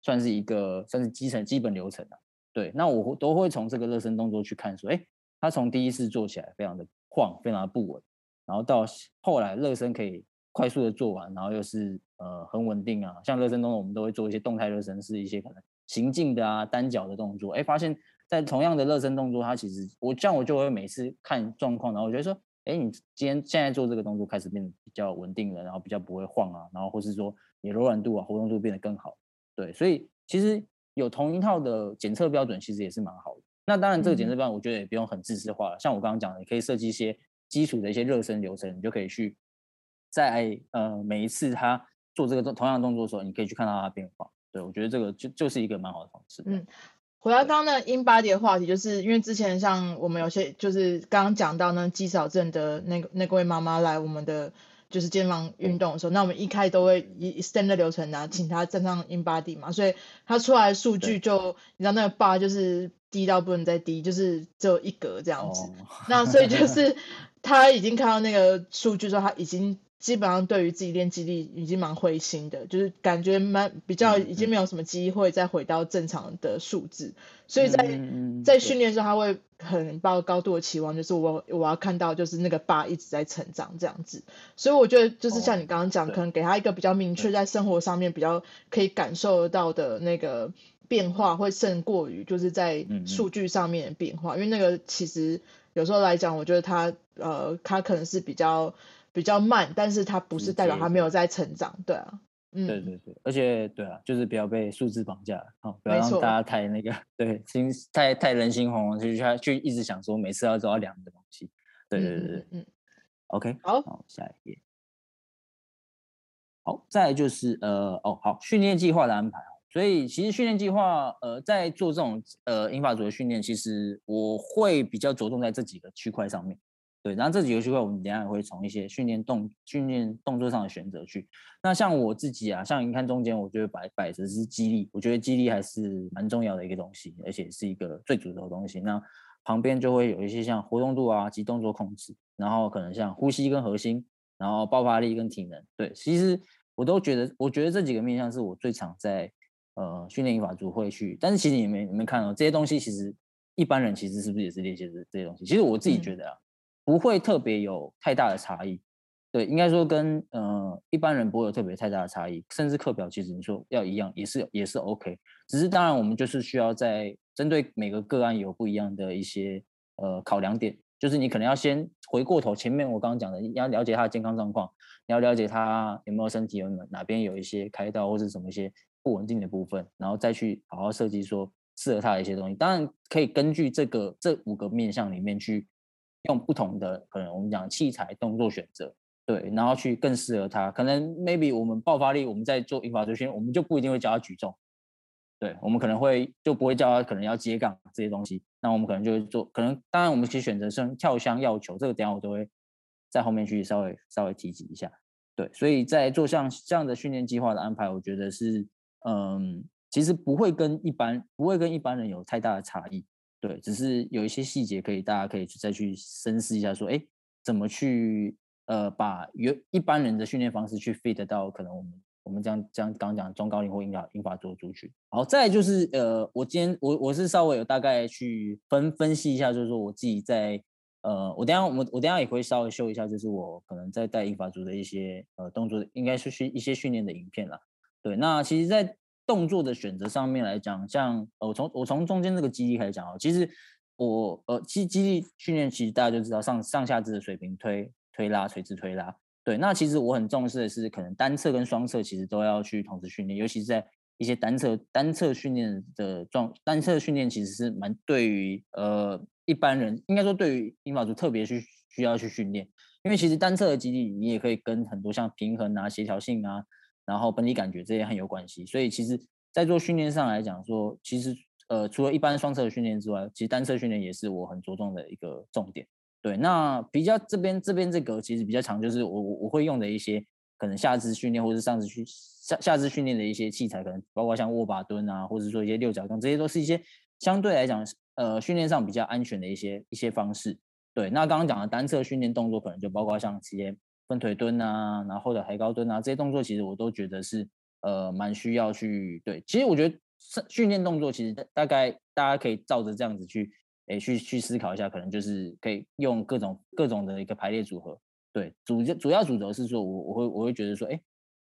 算是一個算是基層基本流程啊。對，那我都會從這個熱身動作去看說，哎，他從第一次做起來非常的晃，非常的不穩，然後到後來熱身可以快速的做完，然後又是呃很穩定啊。像熱身動作，我們都會做一些動態熱身，是一些可能行進的啊，單腳的動作，哎，發現。在同樣的熱身動作，它其實我這樣我就會每次看狀況，然後我覺得說，哎，你今天現在做這個動作開始變得比較穩定了，然後比較不會晃啊，然後或是說你柔軟度啊、活動度變得更好，對，所以其實有同一套的檢測標準其實也是蠻好的。那當然這個檢測標準我覺得也不用很自私化了，像我剛剛講的，你可以設計一些基礎的一些熱身流程，你就可以去在呃每一次他做這個動同樣的動作的時候，你可以去看到他的變化。對我覺得這個就就是一個蠻好的方式。嗯回到剛剛那個 InBody 的話題，就是因為之前像我們有些就是剛剛講到那肌少症的那個那位媽媽來我們的就是健身房運動的時候，嗯、那我們一開都會以 standard 的流程呢、啊，請她站上 InBody 嘛，所以她出來的數據就對你知道那個 bar 就是低到不能再低，就是只有一格這樣子。哦、 [LAUGHS] 那所以就是他已經看到那個數據說她他已經。基本上對於自己練肌力已經蠻灰心的，就是感覺蠻比較已經沒有什麼機會再回到正常的數字，所以在在訓練的時候他會很抱高度的期望，就是我我要看到就是那個八一直在成長這樣子，所以我覺得就是像你剛剛講，oh, 可能給他一個比較明確在生活上面比較可以感受得到的那個變化，會勝過於就是在數據上面的變化，因為那個其實有時候來講，我覺得他呃他可能是比較。比較慢，但是它不是代表它沒有在成長，直接，對啊，嗯，對對對，而且對啊，就是不要被數字綁架了，好、嗯，不要讓大家太那個，沒錯，對，心太太人心惶惶，就就一直想說每次要都要量的東西，對對對對，嗯，嗯，嗯，OK，好，好，下一頁，好，再來就是呃，哦，好，訓練計劃的安排。所以其實訓練計劃，呃，在做這種呃銀髮族的訓練，其實我會比較着重在這幾個區塊上面。對，然後這幾個區塊，我們等一下也會從一些訓練動訓練動作上的選擇去。那像我自己啊，像你看中間我，我覺得擺擺著是肌力，我覺得肌力還是蠻重要的一個東西，而且是一個最主要的東西。那旁邊就會有一些像活動度啊及動作控制，然後可能像呼吸跟核心，然後爆發力跟體能。對，其實我都覺得，我覺得這幾個面向是我最常在呃訓練銀髮族會去。但是其實你們有沒有看到、哦、這些東西，其實一般人其實是不是也是練習這這些東西？其實我自己覺得啊。嗯不會特別有太大的差異，對，應該說跟嗯、呃、一般人不會有特別太大的差異，甚至課表其實你說要一樣也是也是 OK，只是當然我們就是需要在針對每個個案有不一樣的一些呃考量點，就是你可能要先回過頭前面我剛剛講的，你要了解他的健康狀況，你要了解他有沒有身體，有沒有哪邊有一些開刀或者什麼一些不穩定的部分，然後再去好好設計說適合他的一些東西，當然可以根據這個這五個面向裡面去。用不同的可能，我們講器材動作選擇，對，然後去更適合他。可能 maybe 我們爆發力，我們在做引發吊訓練，我們就不一定會教他舉重，對，我們可能會就不會教他可能要接槓這些東西。那我們可能就會做，可能當然我們其實選擇是跳箱、藥球，這個點我都會在後面去稍微稍微提及一下，對。所以在做像這樣的訓練計劃的安排，我覺得是，嗯，其實不會跟一般不會跟一般人有太大的差異。對，只是有一些細節可以，大家可以再去深思一下，說，哎，怎麼去呃，把一般人的訓練方式去 fit 到可能我們我們這樣，這樣剛剛講中高齡或銀銀髮族族群。然後再來就是，呃，我今天我我是稍微有大概去分分析一下，就是說我自己在呃，我等一下我我等下也會稍微秀一下，就是我可能在帶銀髮族的一些呃動作，應該是訓一些訓練的影片啦。對，那其實，在動作的選擇上面來講，像我從我從中間這個肌力開始講哦。其實我呃肌肌力訓練，其實大家就知道上上下肢的水平推推拉、垂直推拉。對，那其實我很重視的是，可能單側跟雙側其實都要去同時訓練，尤其是在一些單側單側訓練的狀，單側訓練其實是蠻對於呃一般人，應該說對於銀髮族特別需需要去訓練，因為其實單側的肌力你也可以跟很多像平衡啊、協調性啊。然後本體感覺這也很有關係，所以其實，在做訓練上來講說，說其實呃，除了一般雙側的訓練之外，其實單側訓練也是我很着重的一個重點。對，那比較這邊這邊這個其實比較常就是我我我會用的一些可能下肢訓練或者是上肢訓下下肢訓練的一些器材，可能包括像握把蹲啊，或者說一些六角凳，這些都是一些相對來講呃訓練上比較安全的一些一些方式。對，那剛剛講的單側訓練動作，可能就包括像一些。分腿蹲啊，然後，後的抬高蹲啊，這些動作其實我都覺得是呃蠻需要去對。其實我覺得訓練動作其實大概大家可以照着這樣子去誒去去思考一下，可能就是可以用各種各種的一個排列組合。對，主主要主軸是說我，我我會我會覺得說，哎，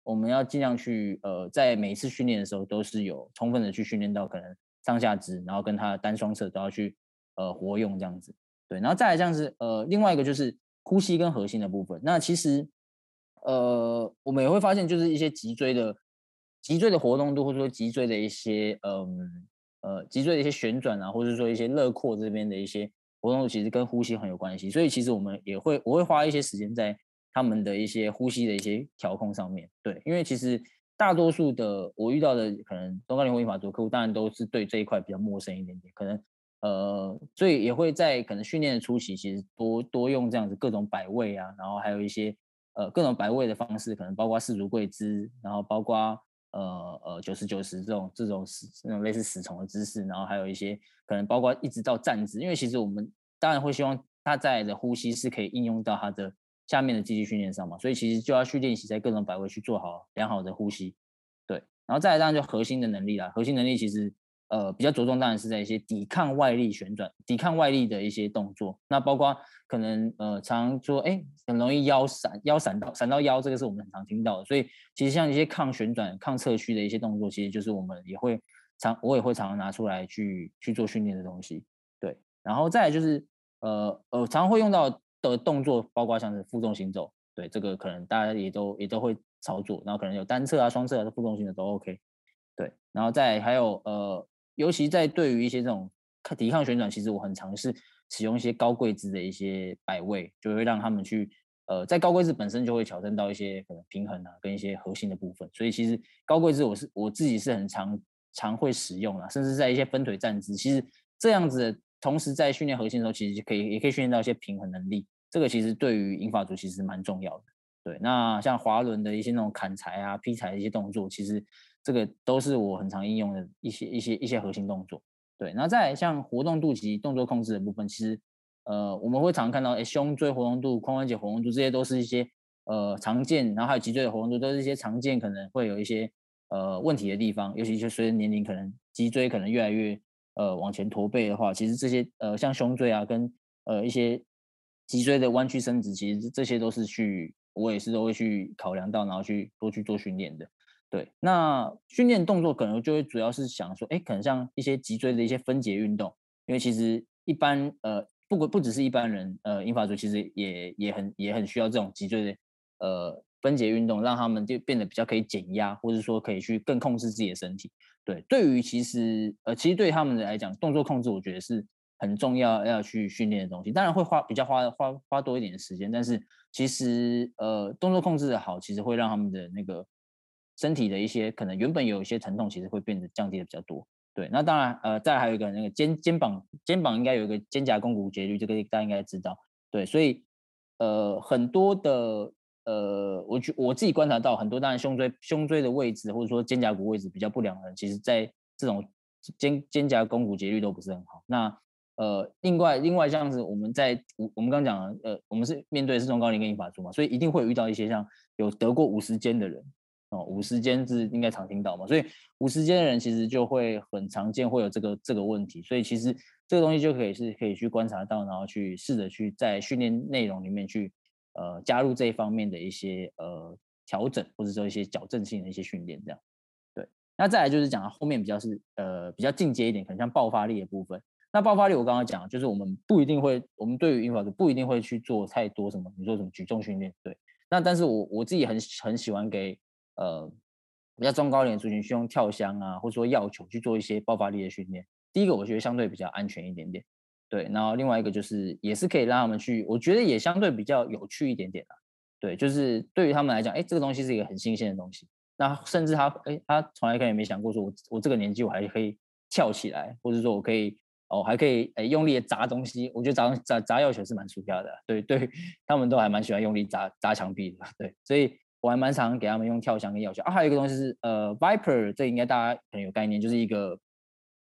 我們要盡量去呃在每次訓練的時候都是有充分的去訓練到可能上下肢，然後跟他單雙側都要去呃活用這樣子。對，然後再來這樣子呃另外一個就是。呼吸跟核心的部分，那其實，呃，我們也會發現，就是一些脊椎的脊椎的活動度，或者說脊椎的一些，嗯、呃，呃，脊椎的一些旋轉啊，或者說一些肋廓這邊的一些活動度，其實跟呼吸很有關係。所以，其實我們也會，我會花一些時間在他們的一些呼吸的一些調控上面。對，因為其實大多數的我遇到的可能中高齡或銀髮族客戶，當然都是對這一塊比較陌生一點點，可能。呃，所以也會在可能訓練的初期，其實多多用這樣子各種擺位啊，然後還有一些呃各種擺位的方式，可能包括四足跪姿，然後包括呃呃九十九十這種這種死那種類似死蟲的姿勢，然後還有一些可能包括一直到站姿，因為其實我們當然會希望他在的呼吸是可以應用到他的下面的肌力訓練上嘛，所以其實就要去練習在各種擺位去做好良好的呼吸，對，然後再來當然就核心的能力啦，核心能力其實。呃，比較着重當然是在一些抵抗外力旋轉、抵抗外力的一些動作。那包括可能呃，常說、欸、很容易腰閃，腰閃到閃到腰，這個是我們很常聽到的。所以其實像一些抗旋轉、抗側屈的一些動作，其實就是我們也會常，我也會常常拿出來去去做訓練的東西。對，然後再來就是呃呃，呃常常會用到的動作，包括像是負重行走。對，這個可能大家也都也都會操作，然後可能有單側啊、雙側啊，負重行走都 OK。對，然後再還有呃。尤其在對於一些這種抵抗旋轉，其實我很嘗試使用一些高跪姿的一些擺位，就會讓他們去呃，在高跪姿本身就會挑戰到一些可能平衡啊，跟一些核心的部分。所以其實高跪姿我是我自己是很常常會使用啊，甚至在一些分腿站姿，其實這樣子同時在訓練核心的時候，其實可以也可以訓練到一些平衡能力。這個其實對於銀髮族其實蠻重要的。對，那像滑輪的一些那種砍柴啊、劈柴的一些動作，其實。這個都是我很常應用的一些一些一些核心動作，對。然後再來，像活動度及動作控制的部分，其實呃我們會常常看到，哎，胸椎活動度、髖關節活動度，這些都是一些呃常見，然後還有脊椎的活動度，都是一些常見可能會有一些呃問題的地方。尤其是隨着年齡，可能脊椎可能越來越呃往前駝背的話，其實這些呃像胸椎啊，跟呃一些脊椎的彎曲、伸直，其實這些都是去我也是都會去考量到，然後去多去做訓練的。對，那訓練動作可能就會主要是想說，哎，可能像一些脊椎的一些分解運動，因為其實一般呃，不過不只是一般人，呃，銀髮族其實也也很也很需要這種脊椎的呃分解運動，讓他們就變得比較可以減壓，或者說可以去更控制自己的身體。對，對於其實呃，其實對他們來講，動作控制我覺得是很重要要去訓練的東西，當然會花比較花花花多一點的時間，但是其實呃，動作控制的好，其實會讓他們的那個。身體的一些可能原本有一些疼痛，其實會變得降低的比較多。對，那當然，呃，再還有一個那個肩肩膀肩膀應該有一個肩胛肱骨節律，這個大家應該知道。對，所以呃很多的呃，我覺我自己觀察到很多，當然胸椎胸椎的位置或者說肩胛骨位置比較不良的人，其實在這種肩肩胛肱骨節律都不是很好。那呃，另外另外像是我們在我們剛剛講呃，我們是面對是中高齡跟銀髮族嘛，所以一定會遇到一些像有得過五十肩的人。哦，五十肩是應該常聽到嘛，所以五十肩的人其實就會很常見會有這個這個問題，所以其實這個東西就可以是可以去觀察到，然後去試着去在訓練內容裡面去呃加入這一方面的一些呃調整，或者說一些矯正性的一些訓練這樣。對，那再來就是講到後面比較是呃比較進階一點，可能像爆發力的部分。那爆發力我剛剛講就是我們不一定會，我們對於銀髮族就不一定會去做太多什麼，你說什麼舉重訓練對。那但是我我自己很很喜歡給。呃，比較中高齡的族群需要跳箱啊，或者說藥球去做一些爆發力的訓練。第一個我覺得相對比較安全一點點，對。然後另外一個就是，也是可以讓他們去，我覺得也相對比較有趣一點點啦，對。就是對於他們來講，哎、欸，這個東西是一個很新鮮的東西。那甚至他，哎、欸，他從來可能也沒想過說我，我我這個年紀我還可以跳起來，或者說我可以，哦，還可以，哎、欸，用力的砸東西。我覺得砸砸砸藥球是蠻出票的，對對，他們都還蠻喜歡用力砸砸牆壁的，對，所以。我還蠻常給他們用跳箱跟藥箱啊，還有一個東西是呃，Viper，這應該大家很有概念，就是一個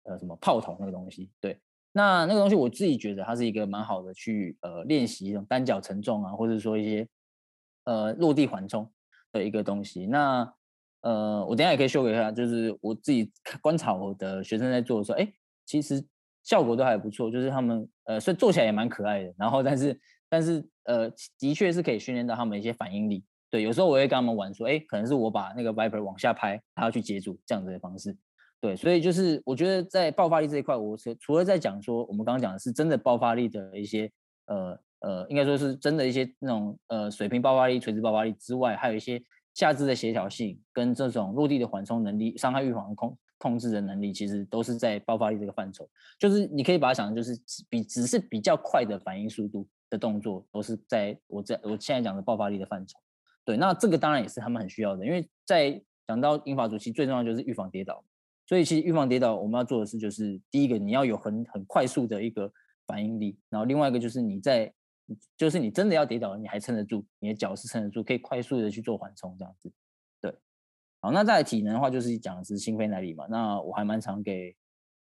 呃什麼炮筒那個東西。對，那那個東西我自己覺得它是一個蠻好的去呃練習一種單腳承重啊，或者說一些呃落地緩衝的一個東西。那呃，我等一下也可以秀給他，就是我自己觀察我的學生在做的時候，哎，其實效果都還不錯，就是他們呃，所以做起來也蠻可愛的。然後但，但是但是呃，的確是可以訓練到他們一些反應力。對，有時候我會跟他們玩說，哎，可能是我把那個 Viper 往下拍，他要去接住這樣子的方式。對，所以就是我覺得在爆發力這一塊，我除除了在講說我們剛剛講的是真的爆發力的一些呃呃，應該說是真的一些那種呃水平爆發力、垂直爆發力之外，還有一些下肢的協調性跟這種落地的緩衝能力、傷害預防控控制的能力，其實都是在爆發力這個範疇。就是你可以把它想成就是比只是比較快的反應速度的動作，都是在我在我現在講的爆發力的範疇。對，那這個當然也是他們很需要的，因為在講到銀髮族最重要就是預防跌倒。所以其實預防跌倒，我們要做的事就是第一個，你要有很很快速的一個反應力，然後另外一個就是你在，就是你真的要跌倒了，你還撐得住，你的腳是撐得住，可以快速的去做緩衝這樣子。對，好，那在體能的話，就是講的是心肺耐力嘛。那我還蠻常給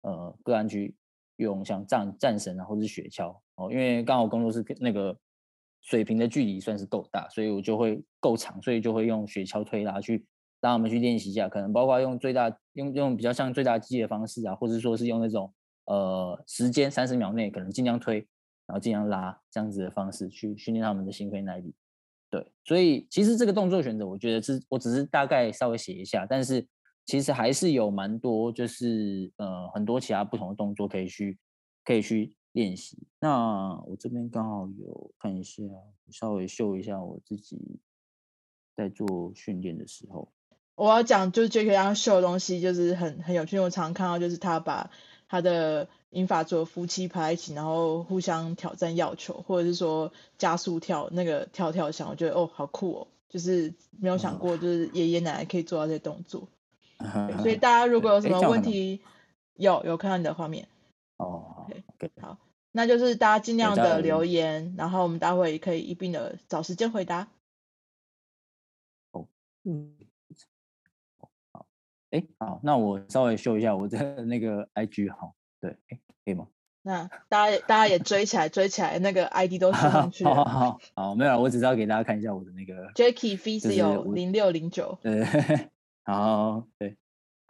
呃個案去用像戰戰繩啊，或者是雪橇哦，因為剛好工作室那個。水平的距離算是夠大，所以我就會夠長，所以就會用雪橇推拉去讓他們去練習一下，可能包括用最大用用比較像最大肌力的方式啊，或者說是用那種呃時間三十秒內可能盡量推，然後盡量拉這樣子的方式去訓練他們的心肺耐力。對，所以其實這個動作選擇，我覺得是我只是大概稍微寫一下，但是其實還是有蠻多就是呃很多其他不同的動作可以去可以去。練習，那我這邊剛好有看一下，稍微秀一下我自己在做訓練的時候。我要講就是 Jacky 剛剛秀的東西，就是很很有趣。我常，常看到就是他把他的銀髮族夫妻拍一起，然後互相挑戰要求，或者是說加速跳那個跳跳箱。我覺得哦，好酷哦，就是沒有想過就是爺爺奶奶可以做到這些動作。嗯、所以大家如果有什麼問題，欸、有有看到你的畫面。Okay. 好，那就是大家盡量的留言，然後我們待會也可以一併的找時間回答。哦，嗯，好，哎、欸，好，那我稍微秀一下我的那個 IG 哈，對、欸，可以嗎？那大家也大家也追起來， [LAUGHS] 追起來，那個 ID 都輸上去。好好好，好沒有，我只是要給大家看一下我的那個 Jacky physio 零六零九。對,對,對，好,好,好，對。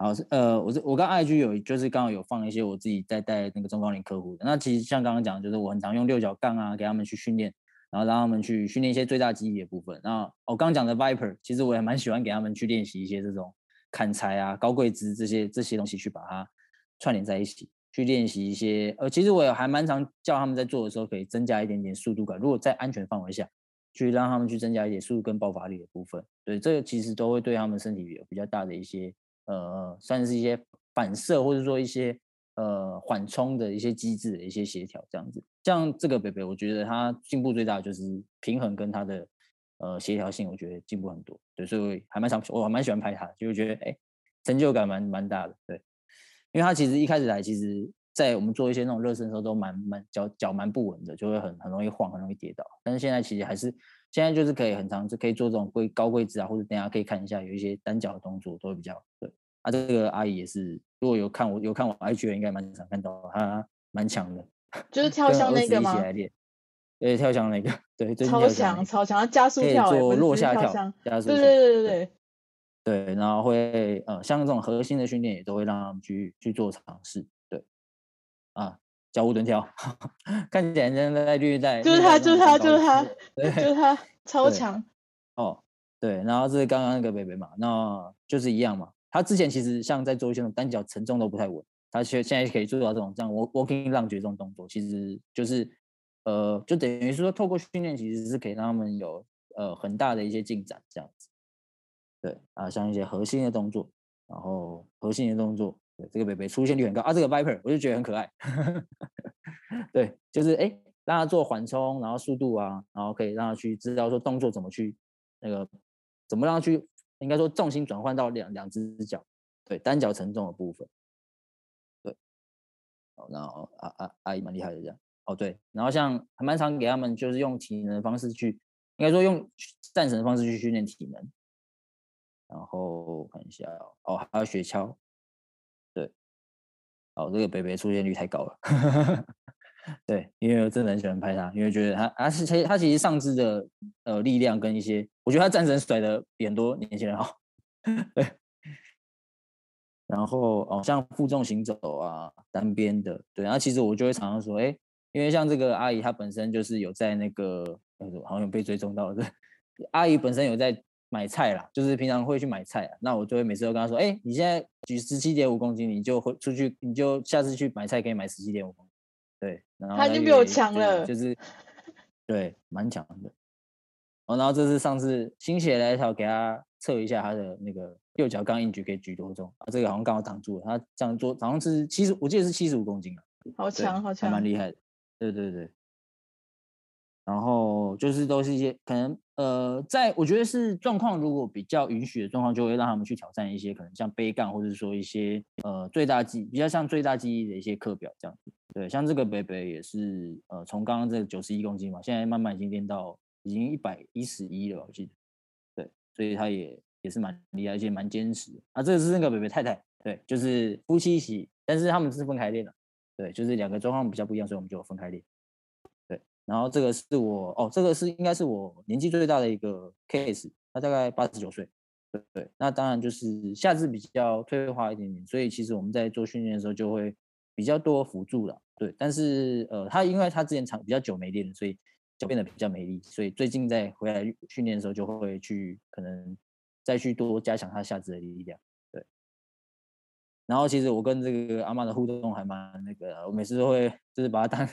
好，呃，我這我剛 IG 有，就是剛好有放一些我自己在帶、帶那個中高齡客戶的。那其實像剛剛講，就是我很常用六角槓啊，給他們去訓練，然後讓他們去訓練一些最大肌力的部分。然後我，哦、剛、剛講的 Viper，其實我也蠻喜歡給他們去練習一些這種砍柴啊、高跪姿這些這些東西去把它串聯在一起，去練習一些。呃，其實我也還蠻常叫他們在做的時候可以增加一點點速度感，如果在安全範圍下，去讓他們去增加一點速度跟爆發力的部分。對，這個其實都會對他們身體有比較大的一些。呃，算是一些反射，或者說一些呃緩衝的一些機制的一些協調，這樣子。像這個伯伯，我覺得他進步最大的就是平衡跟他的呃協調性，我覺得進步很多。對，所以還蠻想，我還蠻喜歡拍他，就會覺得哎、欸、成就感蠻蠻大的。對，因為他其實一開始來，其實在我們做一些那種熱身的時候都，都蠻蠻腳腳蠻不穩的，就會很很容易晃，很容易跌倒。但是現在其實還是。現在就是可以很常，就可以做這種高跪姿啊，或者等下可以看一下有一些單腳的動作都會比較對。啊，這個阿姨也是，如果有看我有看我 IG，應該蠻常看到，她蠻強的，就是跳箱那個嗎？對，跳箱那個，對，超強，那個，超強，加速跳欸，可以做落下跳，跳，加速跳，對，對對對對對，對，然後會呃像這種核心的訓練也都會讓他們去去做嘗試，對，啊。小烏蹲跳， [LAUGHS] 看起來像在虐待，就是他，就是他，就是他，就是他，超強。哦，對，然後這是剛剛那個北北嘛，那就是一樣嘛。他之前其實像在做一些單腳承重都不太穩，他其實現在可以做到這種這樣 walking lunge 這種動作，其實就是呃，就等於是說透過訓練其實是可以讓他們有呃很大的一些進展這樣子。對啊，像一些核心的動作，然後核心的動作。對，這個北北出現率很高啊，這個 Viper 我就覺得很可愛。呵呵對，就是哎，讓他做緩衝，然後速度啊，然後可以讓他去知道說動作怎麼去那個，怎麼讓他去，應該說重心轉換到兩兩隻隻腳，對，單腳承重的部分，對。然後阿阿阿姨蠻厲害的這樣，哦對，然後像還蠻常給他們就是用體能的方式去，應該說用戰繩的方式去訓練體能。然後看一下哦，哦還有雪橇。哦，這個北北出現率太高了， [LAUGHS] 對，因為我真的很喜歡拍他，因為覺得他，啊，是，其實他其實上肢的呃力量跟一些，我覺得他戰爭甩的遠多年輕人好對。然後哦，像負重行走啊，單邊的，對，然、啊、後其實我就會常常說，哎，因為像這個阿姨，她本身就是有在那個，好像有被追蹤到的，阿姨本身有在。買菜啦，就是平常會去買菜。那我就會每次都跟他說，哎、欸，你現在舉十七點五公斤，你就會出去，你就下次去買菜可以買十七點五公斤，對。然後他已經比我強了，就是，對，蠻強的。然後這是上次心血來潮給他測一下他的那個右腳剛硬舉可以舉多重，這個好像剛好擋住了，他這樣做好像是七十，我記得是七十五公斤啊。好強，好強，還蠻厲害的。對對對，對。然後就是都是一些可能呃，在我覺得是狀況，如果比較允許的狀況，就會讓他們去挑戰一些可能像背槓，或者說一些呃最大記憶，比較像最大記憶的一些課表這樣子。對，像這個北北也是呃從剛剛這九十一公斤嘛，現在慢慢已經練到已經一百一十一了吧，我記得。對，所以他也也是蠻厲害，而且蠻堅持。啊，這個是那個北北太太，對，就是夫妻一起，但是他們是分開練的。對，就是兩個狀況比較不一樣，所以我們就分開練。然後這個是我哦，這個是應該是我年紀最大的一個 case，他大概八十九歲，對，那當然就是下肢比較退化一點點，所以其實我們在做訓練的時候就會比較多輔助了，對。但是呃，他因為他之前長比較久沒練，所以就變得比較沒力，所以最近在回來訓練的時候就會去可能再去多加強他下肢的力量，對。然後其實我跟這個阿媽的互動還蠻那個，我每次都會就是把他當。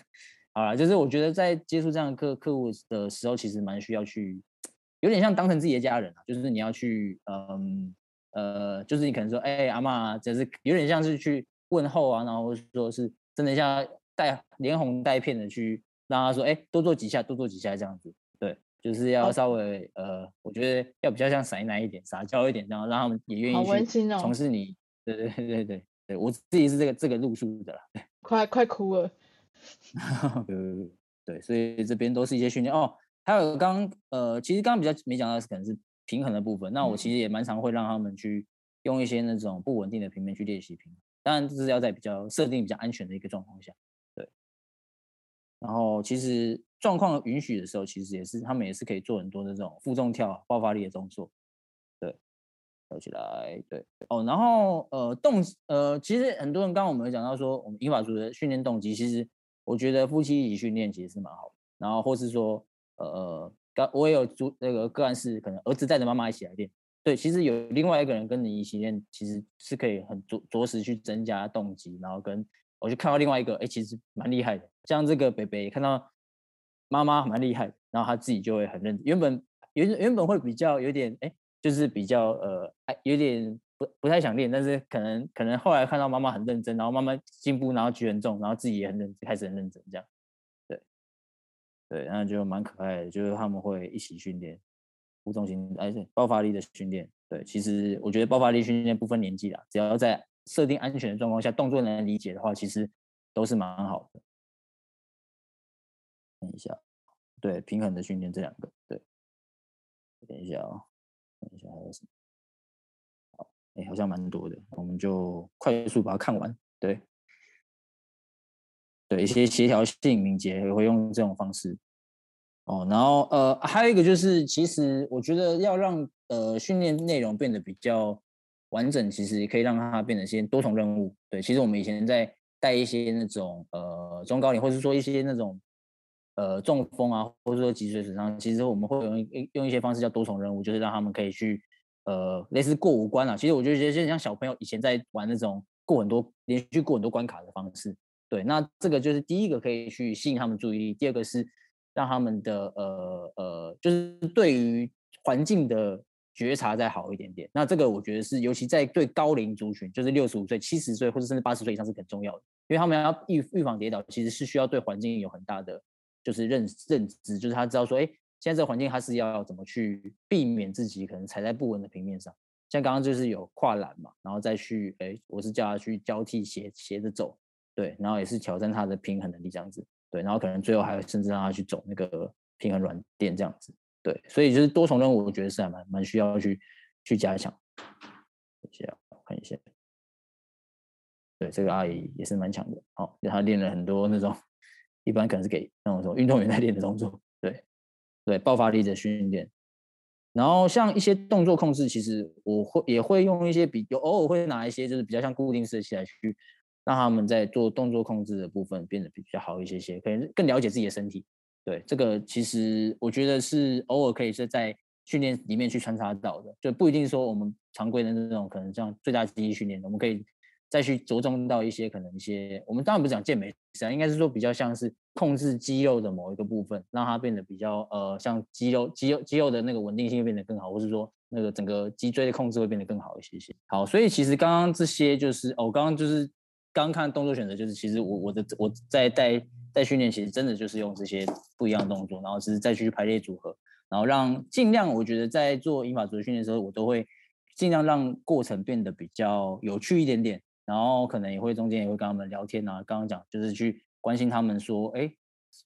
好了，就是我覺得在接觸這樣的客客戶的時候，其實蠻需要去，有點像當成自己的家人，就是你要去，嗯呃，就是你可能說，哎、欸、阿嬤，就是有點像是去問候啊，然後說是真的像帶連哄帶騙的去，讓他說，哎、欸、多做幾下，多做幾下這樣子，對，就是要稍微好呃，我覺得要比較像撒奶一,一點，撒嬌一點，然後讓他們也願意去從事你，哦、對對對對對，我自己是這個這個路數的啦。快快哭了。 [LAUGHS] 對,對,對,對,對，所以這邊都是一些訓練哦。還有剛,剛呃，其實剛剛比較沒講到是可能是平衡的部分。嗯。那我其實也蠻常會讓他們去用一些那種不穩定的平面去練習平衡。當然這是要在比較設定比較安全的一個狀況下。對。然後其實狀況允許的時候，其實也是他們也是可以做很多那種負重跳、爆發力的動作。對，跳起來。對，對哦，然後呃動呃，其實很多人剛剛我們有講到說，我們銀髮族的訓練動機其實。我覺得夫妻一起訓練其實是蠻好的，然後或是說，呃，剛我也有做那個個案是可能兒子帶着媽媽一起來練，對，其實有另外一個人跟你一起練，其實是可以很着着實去增加動機，然後跟我就看到另外一個，哎，其實蠻厲害的，像這個北北看到媽媽蠻厲害，然後他自己就會很認真，原本原原本會比較有點，哎，就是比較呃，哎，有點。不不太想練，但是可能可能後來看到媽媽很認真，然後媽媽進步，然後舉很重，然後自己也很認開始很認真這樣，對對，那就蠻可愛的，就是他們會一起訓練，無重心而且爆發力的訓練，對，其實我覺得爆發力訓練不分年紀啦，只要在設定安全的狀況下，動作能理解的話，其實都是蠻好的。等一下，對平衡的訓練這兩個，對，等一下啊、哦，等一下還有什麼？哎，好像蠻多的，我們就快速把它看完。對，對，一些協調性、敏捷也會用這種方式。哦，然後呃，還有一個就是，其實我覺得要讓呃訓練內容變得比較完整，其實也可以讓它變成一些多重任務。對，其實我們以前在帶一些那種呃中高齡，或是說一些那種呃中風啊，或者說脊髓損傷，其實我們會用用一些方式叫多重任務，就是讓他們可以去。呃，類似過五關啊，其實我就覺得現在像小朋友以前在玩那種過很多連續過很多關卡的方式，對，那這個就是第一個可以去吸引他們注意力，第二個是讓他們的呃呃，就是對於環境的覺察再好一點點。那這個我覺得是尤其在對高齡族群，就是六十五歲、七十歲或者甚至八十歲以上是很重要的，因為他們要預預防跌倒，其實是需要對環境有很大的就是認認知，就是他知道說，哎、欸。現在這個環境，還是要怎麼去避免自己可能踩在不穩的平面上？像剛剛就是有跨欄嘛，然後再去，哎、欸，我是叫他去交替斜斜着走，對，然後也是挑戰他的平衡能力這樣子，對，然後可能最後還甚至讓他去走那個平衡軟墊這樣子，對，所以就是多重任務，我覺得是還蠻蠻需要去去加強。等一下，我看一下，對，這個阿姨也是蠻強的，哦，她練了很多那種一般可能是給那種什麼運動員在練的動作。對，爆發力的訓練，然後像一些動作控制，其實我會也會用一些比有偶爾會拿一些就是比較像固定式的器材去，讓他們在做動作控制的部分變得比較好一些些，可以更了解自己的身體。對，這個，其實我覺得是偶爾可以是在訓練裡面去穿插到的，就不一定說我們常規的那種可能像最大肌力訓練，我們可以。再去着重到一些可能一些，我們當然不是講健美，實際上應該是說比較像是控制肌肉的某一個部分，讓它變得比較呃、像肌肉肌肉肌肉的那個穩定性會變得更好，或是說那個整個脊椎的控制會變得更好一些些。好，所以其實剛剛這些就是哦，剛剛就是剛剛看動作選擇，就是其實我我的我在帶帶訓練，其實真的就是用這些不一樣的動作，然後是再去排列組合，然後讓盡量我覺得在做銀髮族的訓練的時候，我都會盡量讓過程變得比較有趣一點點。然後可能也會中間也會跟他們聊天啊，剛剛講就是去關心他們說，說哎，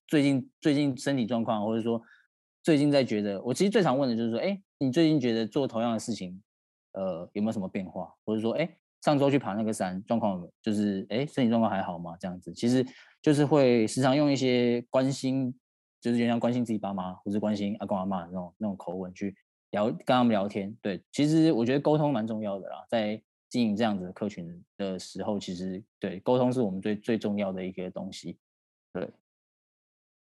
最近最近身體狀況啊，或者說最近在覺得，我其實最常問的就是說，哎，你最近覺得做同樣的事情，呃，有沒有什麼變化？或者說，哎，上周去爬那個山，狀況就是哎，身體狀況還好嗎？這樣子，其實就是會時常用一些關心，就是就像關心自己爸媽，或是關心阿公阿媽那種那種口吻去聊跟他們聊天。對，其實我覺得溝通蠻重要的啦，在。經營這樣子客群的時候，其實對溝通是我們最最重要的一個東西。對，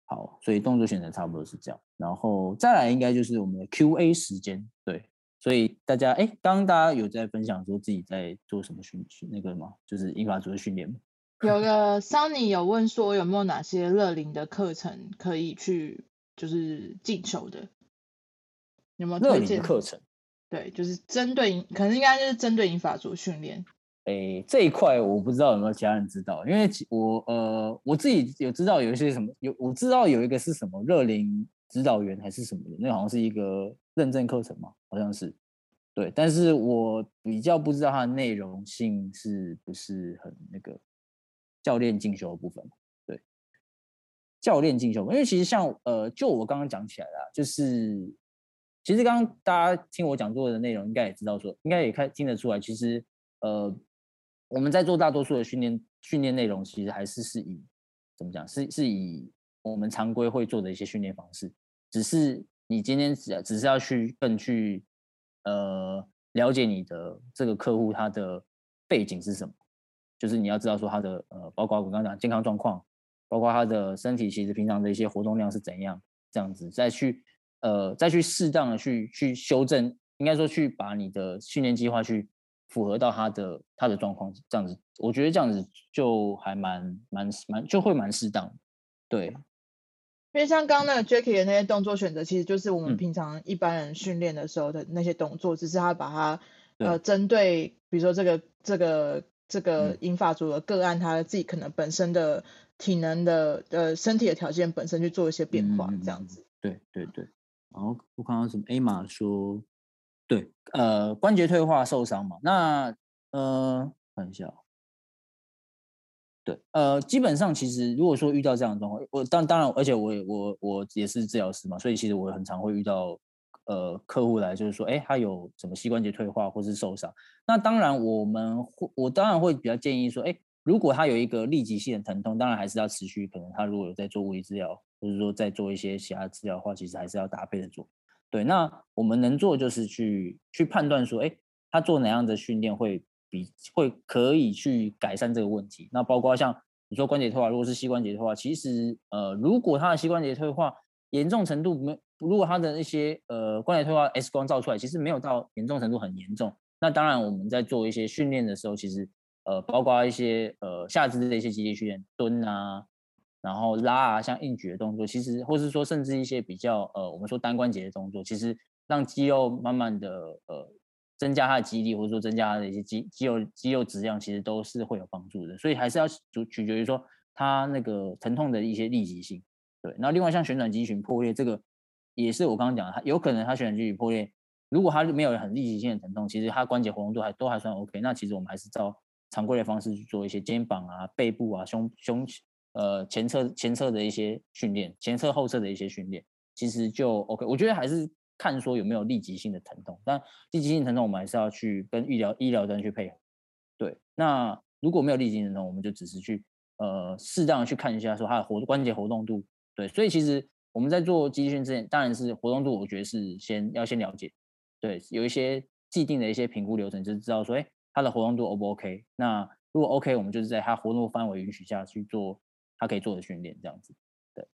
好，所以動作選擇差不多是這樣，然後再來應該就是我們的 QA 時間。對，所以大家哎，剛剛大家有在分享說自己在做什麼訓那個嗎？就是銀髮族的訓練嗎？有的 Sony 有問說有沒有哪些樂齡的課程可以去就是進修的？有沒有樂齡課程？對，就是針對，可能應該就是針對銀髮做訓練。哎，這一塊我不知道有沒有其他人知道，因為我呃，我自己有知道有一些什麼，有我知道有一個是什麼樂齡指導員還是什麼的，那好像是一個認證課程嘛，好像是。對，但是我比較不知道它的內容性是不是很那個教練進修的部分。對，教練進修，因為其實像呃，就我剛剛講起來啦、啊，就是。其實剛剛大家聽我講座的內容，應該也知道說，應該也看聽得出來。其實，呃，我們在做大多數的訓練訓練內容，其實還是是以怎麼講，是是以我們常規會做的一些訓練方式。只是你今天只只是要去更去呃了解你的這個客戶他的背景是什麼，就是你要知道說他的呃，包括我剛剛講健康狀況，包括他的身體其實平常的一些活動量是怎樣，這樣子再去。呃，再去適當的去去修正，應該說去把你的訓練計劃去符合到他的他的狀況這樣子，我覺得這樣子就還蠻蠻蠻就會蠻適當對。因為像剛剛那個 Jackie 的那些動作選擇，其實就是我們平常一般人訓練的時候的那些動作，只、嗯、是他把它對呃，針對比如說這個這個這個英髮組的個案，嗯、他自己可能本身的體能的呃身體的條件本身去做一些變化、嗯、這樣子。對對對。對對然後我看到什麼 A 碼說，對，呃，關節退化受傷嘛，那呃，看一下，對，呃，基本上其實如果說遇到這樣的狀況，我當當然，而且我也我我也是治療師嘛，所以其實我很常會遇到呃客戶來，就是說，哎，他有什麼膝關節退化或是受傷，那當然我們會我當然會比較建議說，哎。如果他有一個立即性的疼痛，當然還是要持續。可能他如果有在做物理治療，或者說在做一些其他治療的話，其實還是要搭配的做。對，那我們能做就是去去判斷說，哎，他做哪樣的訓練會比會可以去改善這個問題。那包括像你說關節退化，如果是膝關節的話，其實呃，如果他的膝關節退化嚴重程度沒，如果他的那些呃關節退化 X 光照出來，其實沒有到嚴重程度很嚴重，那當然我們在做一些訓練的時候，其實。呃，包括一些呃下肢的一些肌力訓練，蹲啊，然後拉啊，像硬舉的動作，其實或是說甚至一些比較呃我們說單關節的動作，其實讓肌肉慢慢的呃增加它的肌力，或者說增加它的一些肌肌肉肌肉質量，其實都是會有幫助的。所以還是要主取決於說它那個疼痛的一些立即性。對，那另外像旋轉肌群破裂這個，也是我剛剛講的，它有可能它旋轉肌群破裂，如果它沒有很立即性的疼痛，其實它關節活動度還都還算 OK，那其實我們還是照。常規的方式去做一些肩膀啊、背部啊、胸胸前呃前側前側的一些訓練、前側後側的一些訓練，其實就 OK。我覺得還是看說有沒有立即性的疼痛，但立即性疼痛我們還是要去跟醫療醫療端去配合。對，那如果沒有立即性疼痛，我們就只是去呃適當的去看一下說它的活關節活動度。對，所以其實我們在做肌訓之前，當然是活動度，我覺得是先要先了解。對，有一些既定的一些評估流程，就是知道說，哎。它的活動度 O 不 OK？那如果 OK，我們就是在他活動範圍允許下去做他可以做的訓練，這樣子。對。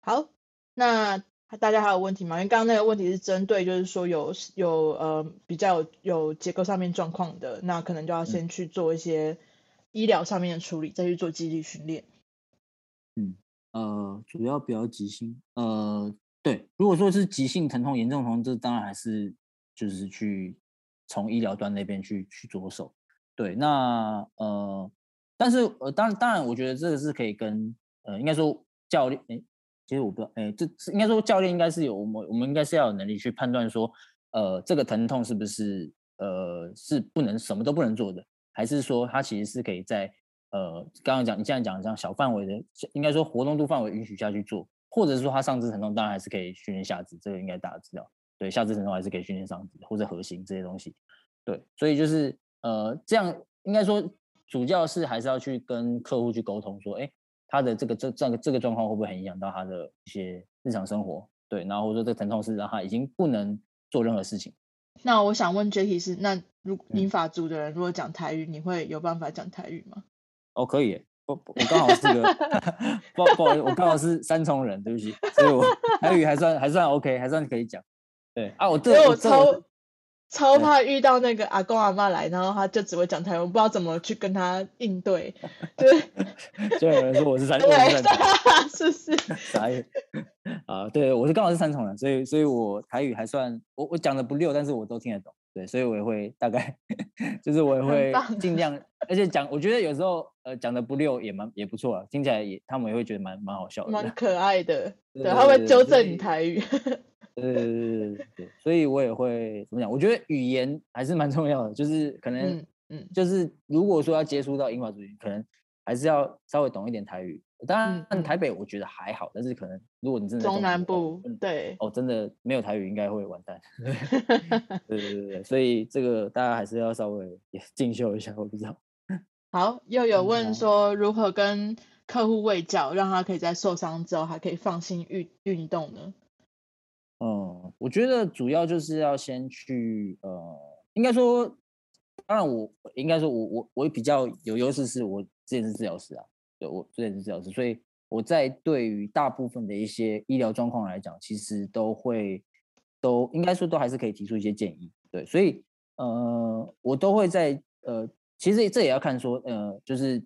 好，那大家還有問題嗎？因為剛剛那個問題是針對就是說有有呃比較有，有結構上面狀況的，那可能就要先去做一些醫療上面的處理，再去做肌力訓練。嗯，呃，主要比較急性。呃，對，如果說是急性疼痛嚴重痛，這當然還是就是去。從醫療端那邊去去着手，對，那呃，但是呃，當然當然，我覺得這個是可以跟呃，應該說教練，哎，其實我不知道，哎，這是應該說教練應該是有我們我們應該是要有能力去判斷說，呃，這個疼痛是不是呃是不能什麼都不能做的，還是說他其實是可以在呃，剛剛講你現在講這樣小範圍的，應該說活動度範圍允許下去做，或者是說他上肢疼痛當然還是可以訓練下肢，這個應該大家知道。對，下肢疼痛還是可以訓練上肢或者核心這些東西，對，所以就是呃，這樣應該說主教是還是要去跟客戶去溝通，說，哎，他的這個這這個這個狀況會不會很影響到他的一些日常生活？對，然後或者說這疼痛是讓他已經不能做任何事情。那我想問 Jacky 是，那如果銀髮族的人如果講台語，嗯、你會有辦法講台語嗎？哦，可以，我我剛好是個 [LAUGHS] 不，不好意思，我剛好是三重人，對不起，所以我台語還算還算 OK，還算可以講。啊！我所以我超超怕遇到那個阿公阿媽來，然後他就只會講台語，我不知道怎麼去跟他應對，對所以有人說我是三重人，哈哈，是是，台語啊，對，我是剛好是三重人，所以所以我台語還算我我講的不溜，但是我都聽得懂，對，所以我也會大概就是我也會盡量，而且講我覺得有時候呃講的不溜也蠻也不錯啊，聽起來也他們也會覺得蠻蠻好笑的，蠻可愛的，對，他會糾正你台語。呃， [LAUGHS] 對對對，對，對，所以我也會怎麼講？我覺得語言還是蠻重要的，就是可能，嗯，嗯就是如果說要接觸到銀髮族群，可能還是要稍微懂一點台語。當然，嗯、但台北我覺得還好，但是可能如果你真的中南部，哦對、嗯、哦，真的沒有台語應該會完蛋。對， [LAUGHS] 對對對對，所以這個大家還是要稍微也進修一下，我不知道。好，又有問說如何跟客戶衛教，嗯、讓他可以在受傷之後還可以放心運運動呢？嗯，我覺得主要就是要先去呃，應該說，當然我應該說我，我我我比較有優勢是我這也是治療師啊，對，我這也是治療師，所以我在對於大部分的一些醫療狀況來講，其實都會都應該說都還是可以提出一些建議，對，所以呃，我都會在呃，其實這也要看說呃，就是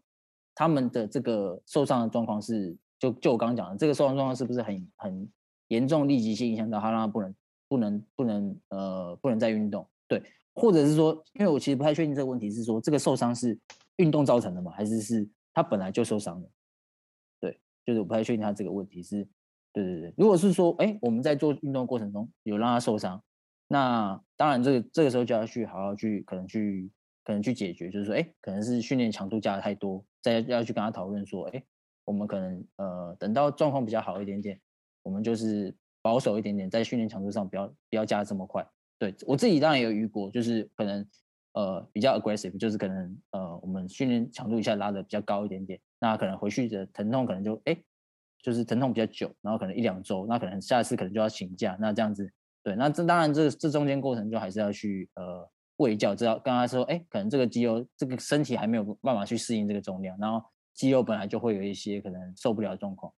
他們的這個受傷的狀況是，就就我剛剛講的這個受傷的狀況是不是很很。嚴重立即性影響到他，讓他不能、不能、不能，呃，不能再運動。對，或者是說，因為我其實不太確定這個問題是說這個受傷是運動造成的嗎？還是是他本來就受傷了？對，就是我不太確定他這個問題是。對對對，如果是說，欸，我們在做運動過程中有讓他受傷，那當然這個這個時候就要去好好去可能去可能去解決，就是說，欸，可能是訓練強度加的太多，再要，要去跟他討論說，欸，我們可能呃等到狀況比較好一點點。我們就是保守一點點，在訓練強度上不要不要加這麼快。對我自己當然也有遇過，就是可能呃比較 aggressive，就是可能呃我們訓練強度一下拉的比較高一點點，那可能回去的疼痛可能就哎就是疼痛比較久，然後可能一兩週，那可能下一次可能就要請假。那這樣子，對，那這當然這這中間過程就還是要去呃衛教，知道跟他說哎可能這個肌肉這個身體還沒有辦法去適應這個重量，然後肌肉本來就會有一些可能受不了的狀況。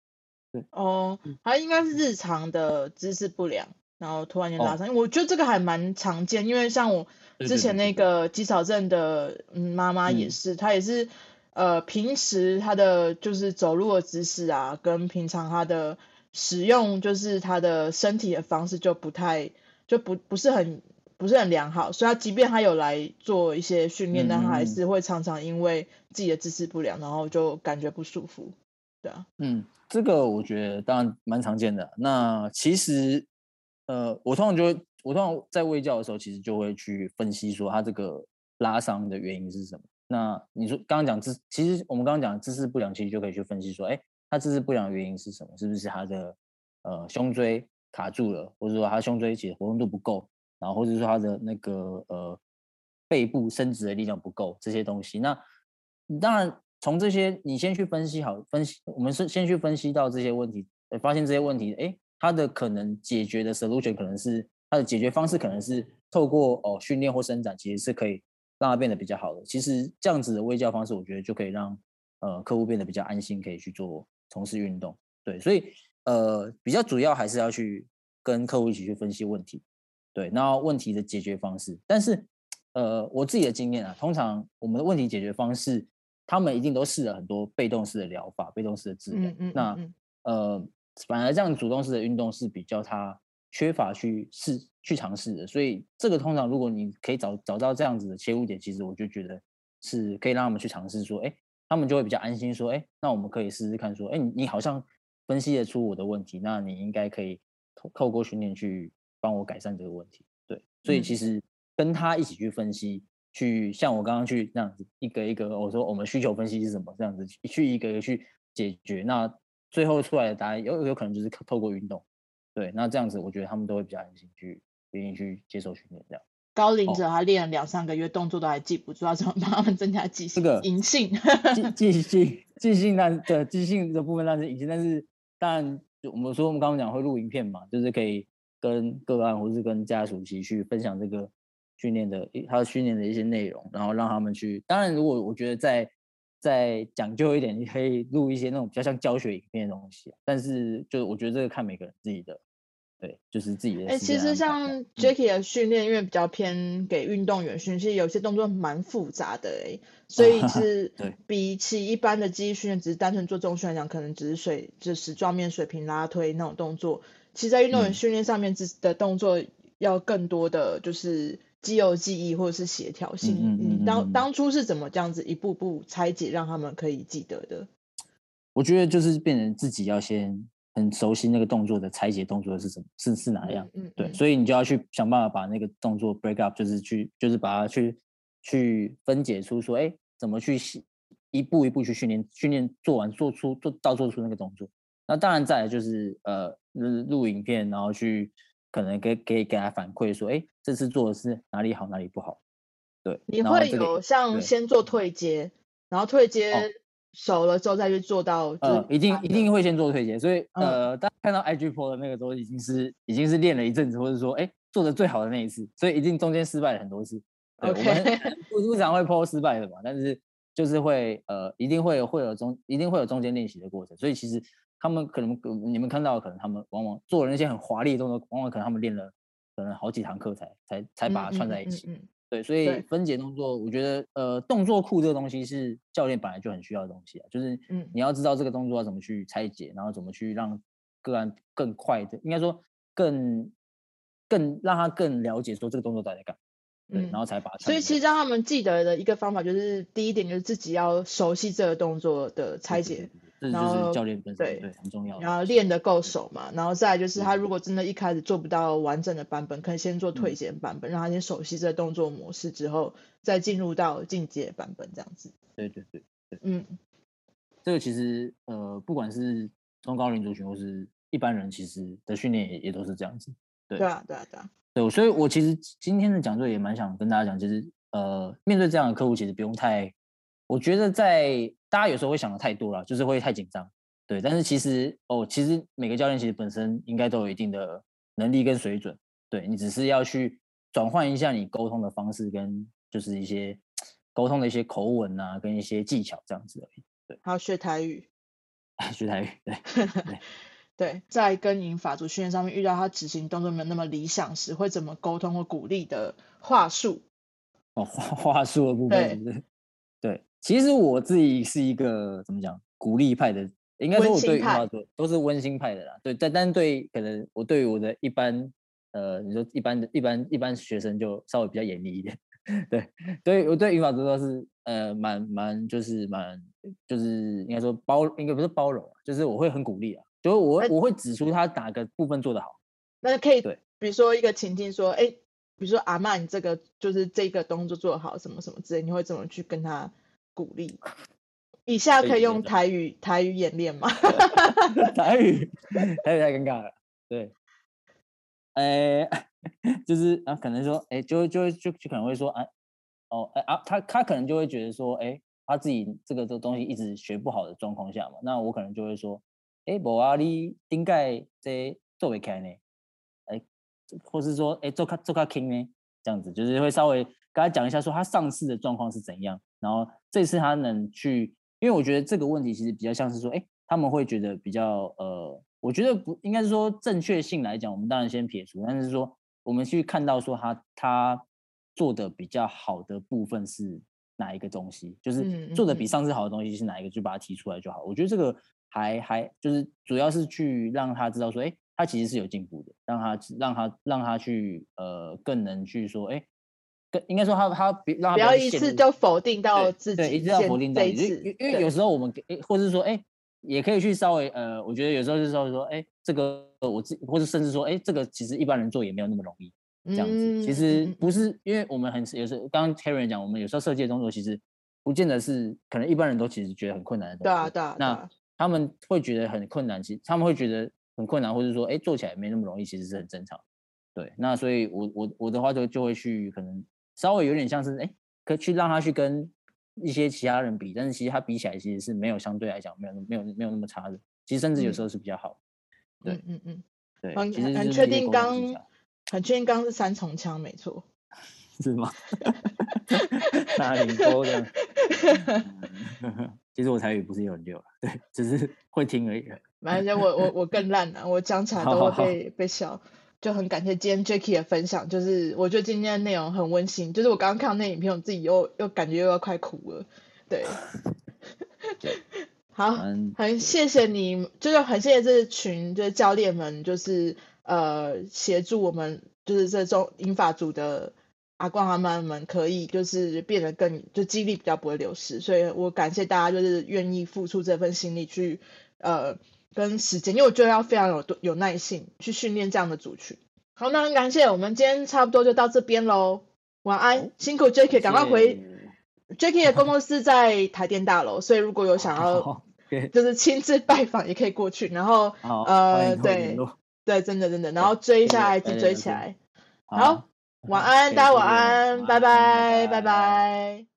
哦，他應該是日常的姿勢不良，然後突然間拉傷。哦，我覺得這個還蠻常見，因為像我之前那個肌少症的媽媽也是，對對對對她也是呃平時她的就是走路的姿勢啊，跟平常她的使用就是她的身體的方式就不太就不不是很不是很良好，所以她即便她有來做一些訓練，嗯嗯嗯，但她還是會常常因為自己的姿勢不良，然後就感覺不舒服。嗯，這個我覺得當然蠻常見的。那其實，呃，我通常就會，我通常在衛教的時候，其實就會去分析說他這個拉傷的原因是什麼。那你說剛剛講姿，其實我們剛剛講姿勢不良，其實就可以去分析說，哎、欸，他姿勢不良的原因是什麼？是不是他的呃胸椎卡住了，或者說他胸椎其實活動度不夠，然後或者說他的那個呃背部伸直的力量不夠這些東西？那當然。從這些，你先去分析好，分析我們是先去分析到這些問題、呃，發現這些問題，誒，它的可能解決的 solution 可能是它的解決方式，可能是透過哦、呃、訓練或伸展，其實是可以讓它變得比較好的。其實這樣子的衛教方式，我覺得就可以讓呃客戶變得比較安心，可以去做從事運動。對，所以呃比較主要還是要去跟客戶一起去分析問題，對，然後問題的解決方式。但是呃我自己的經驗啊，通常我們的問題解決方式。他們一定都試了很多被動式的療法、被動式的治療。嗯嗯嗯，那呃，反而這樣主動式的運動是比較他缺乏去試、去嘗試的。所以這個通常如果你可以找找到這樣子的切入點，其實我就覺得是可以讓他們去嘗試說，哎，他們就會比較安心說，哎，那我們可以試試看說，哎，你你好像分析得出我的問題，那你應該可以透過訓練去幫我改善這個問題。對，所以其實跟他一起去分析。嗯去像我剛剛去那樣子一格一格，我說我們需求分析是什麼，這樣子去一格一格去解決，那最後出來的答案有有可能就是透過運動，對，那這樣子我覺得他們都會比較安心去願意去接受訓練這樣。高齡者他練了兩三個月動作都還記不住，要怎麼幫他們增加記性？這個銀杏，記記性記性，但對記性的部分那是銀杏，但是當然就我們說我們剛剛講會錄影片嘛，就是可以跟個案或是跟家屬一起去分享這個。訓練的一，他訓練的一些內容，然後讓他們去。當然，如果我覺得再再講究一點，你可以錄一些那種比較像教學影片的東西。但是，就我覺得這個看每個人自己的，對，就是自己的、的。哎、欸，其實像 Jacky 的訓練，嗯、因為比較偏給運動員訓練，其實有些動作蠻複雜的哎，所以是，對。比起一般的肌力訓練，只是單純做這種訓練可能只是水，就是桌面水平拉推那種動作。其實，在運動員訓練上面，自的動作要更多的，嗯、就是。肌肉記，記憶或者是協調性，你當當初是怎麼這樣子一步步拆解，讓他們可以記得的？我覺得就是變成自己要先很熟悉那個動作的拆解動作是什麼，是是哪樣？嗯，嗯，嗯，對，所以你就要去想辦法把那個動作 break up，就是去就是把它去去分解出說，哎，怎麼去一步一步去訓練，訓練做完做出做到做出那個動作。那當然再來就是呃錄錄影片，然後去。可能給給給他反饋說，哎，這次做的是哪裡好，哪裡不好。對，你會有像先做退階，對然後退階熟了之後再去做到就。就、哦呃、一定一定會先做退階，所以呃，大家、嗯、看到 IG po 的那個時候，已經是已經是練了一陣子，或者說哎，做的最好的那一次，所以一定中間失敗了很多次。Okay. 我們不不常會 po 失敗的嘛，但是就是會呃，一定會會有中一定會有中間練習的過程，所以其實。他們可能、呃、你們看到，可能他們往往做了那些很華麗的動作，往往可能他們練了可能好幾堂課才才才把它串在一起。嗯嗯嗯嗯、對，所以分解動作，我覺得呃動作庫這個東西是教練本來就很需要的東西就是你要知道這個動作要怎麼去拆解，然後怎麼去讓個案更快的，應該說更更讓他更了解說這個動作到底在幹，對，然後才把它、嗯。所以其實讓他們記得的一個方法就是第一點就是自己要熟悉這個動作的拆解。對對對對這是就是教練本身對對、對很重要，然後練得夠熟嘛，對然後再來就是他如果真的一開始做不到完整的版本，嗯、可以先做退階版本，嗯、讓他先熟悉這個動作模式之後，再進入到進階版本這樣子。對對對、對嗯，這個其實呃，不管是中高齡族群或是一般人，其實的訓練也也都是這樣子。對啊對啊對啊，對、啊對、啊對，所以我其實今天的講座也蠻想跟大家講，其實呃，面對這樣的客戶，其實不用太。我覺得在大家有時候會想的太多了，就是會太緊張，對。但是其實哦，其實每個教練其實本身應該都有一定的能力跟水準，對，你只是要去轉換一下你溝通的方式跟就是一些溝通的一些口吻啊，跟一些技巧這樣子而已。對，還有學台語。學台語，對，對， [LAUGHS] 對，在跟銀髮族訓練上面遇到他執行動作沒有那麼理想時，會怎麼溝通或鼓勵的話術？哦，話話術的部分，對。對其實我自己是一個怎麼講，鼓勵派的，應該說我對於銀髮族都是溫馨派的啦。對，但但對，可能我對於我的一般呃，你說一般的一般一般學生就稍微比較嚴厲一點。對，所以我對於銀髮族都是呃蠻蠻，蠻就是蠻就是應該說包應該不是包容、啊、就是我會很鼓勵啊，就是我但我會指出他哪個部分做得好，那可以對，比如說一個情境說，哎對，比如說，阿嬤你這個就是這個動作做得好，什麼什麼之類，你會怎麼去跟他？鼓勵，以下可以用台語種台語演練嗎？對 [LAUGHS] 台？台語台語太尷尬了。對，哎、欸，就是啊，可能說哎、欸，就就就就可能會說哎、啊，哦哎、欸、啊，他他可能就會覺得說哎、欸，他自己這個這個東西一直學不好的狀況下嘛，那我可能就會說哎，某、欸、啊，你應該在做為開呢，哎、欸，或是說哎、欸、做卡做卡聽呢。這樣子就是會稍微跟他講一下，說他上次的狀況是怎樣，然後這次他能去，因為我覺得這個問題其實比較像是說，哎、欸，他們會覺得比較呃，我覺得不應該是說正確性來講，我們當然先撇除，但是說我們去看到說他他做的比較好的部分是哪一個東西，就是做的比上次好的東西是哪一個，嗯嗯，就把它提出來就好。我覺得這個還還就是主要是去讓他知道說，哎、欸。他其實是有進步的，讓他讓他讓他去呃，更能去說，哎、欸，更應該說他他，他，他不要一次就否定到自己，一定要否定到，因為因為有時候我們哎、欸，或者是說哎、欸，也可以去稍微呃，我覺得有時候就稍微說，哎、欸，這個我自己，或者甚至說，哎、欸，這個其實一般人做也沒有那麼容易，這樣子，嗯、其實不是因為我們很有時剛剛 Karen 講，我們有時候設計的動作其實不見得是可能一般人都其實覺得很困難的東西、啊，對啊那對啊，那他們會覺得很困難，其實他們會覺得。很困難，或是說，哎、欸，做起來沒那麼容易，其實是很正常。對，那所以我我我的話就就會去，可能稍微有點像是，哎、欸，可以去讓他去跟一些其他人比，但是其實他比起來，其實是沒有相對來講沒有沒有沒有那麼差的，其實甚至有時候是比較好，嗯嗯嗯。對，很很確定剛，很確定剛是三重槍，沒錯。是嗎？那你說的。 [LAUGHS] [LAUGHS] 其實我台語不是也很溜，對，只是會聽而已。反正我我我更爛了、啊，我講起來都會被 [LAUGHS] 好好被笑，就很感謝今天 Jacky 的分享，就是我覺得今天的內容很溫馨，就是我剛剛看到那影片，我自己又又感覺又要快哭了，對。 [LAUGHS] 對 [LAUGHS] 好，蠻很謝謝你，就是很謝謝這群就是教練們，就是呃協助我們，就是這種銀髮族的。阿光他們們可以就是變得更，就肌力比較不會流失，所以我感謝大家就是願意付出這份心力去呃跟時間，因為我覺得要非常有有耐性去訓練這樣的組群。好，那很感謝，我們今天差不多就到這邊嘍。晚安，哦、辛苦 Jacky 趕快回謝謝 Jacky 的工作室在台電大樓， [LAUGHS] 所以如果有想要就是親自拜訪也可以過去。 [LAUGHS] 然後好呃後對對，真的真的，然後追一下就，哎、追起來。哎哎哎哎哎，好。好晚安，大家晚安，知拜拜，啊、拜拜。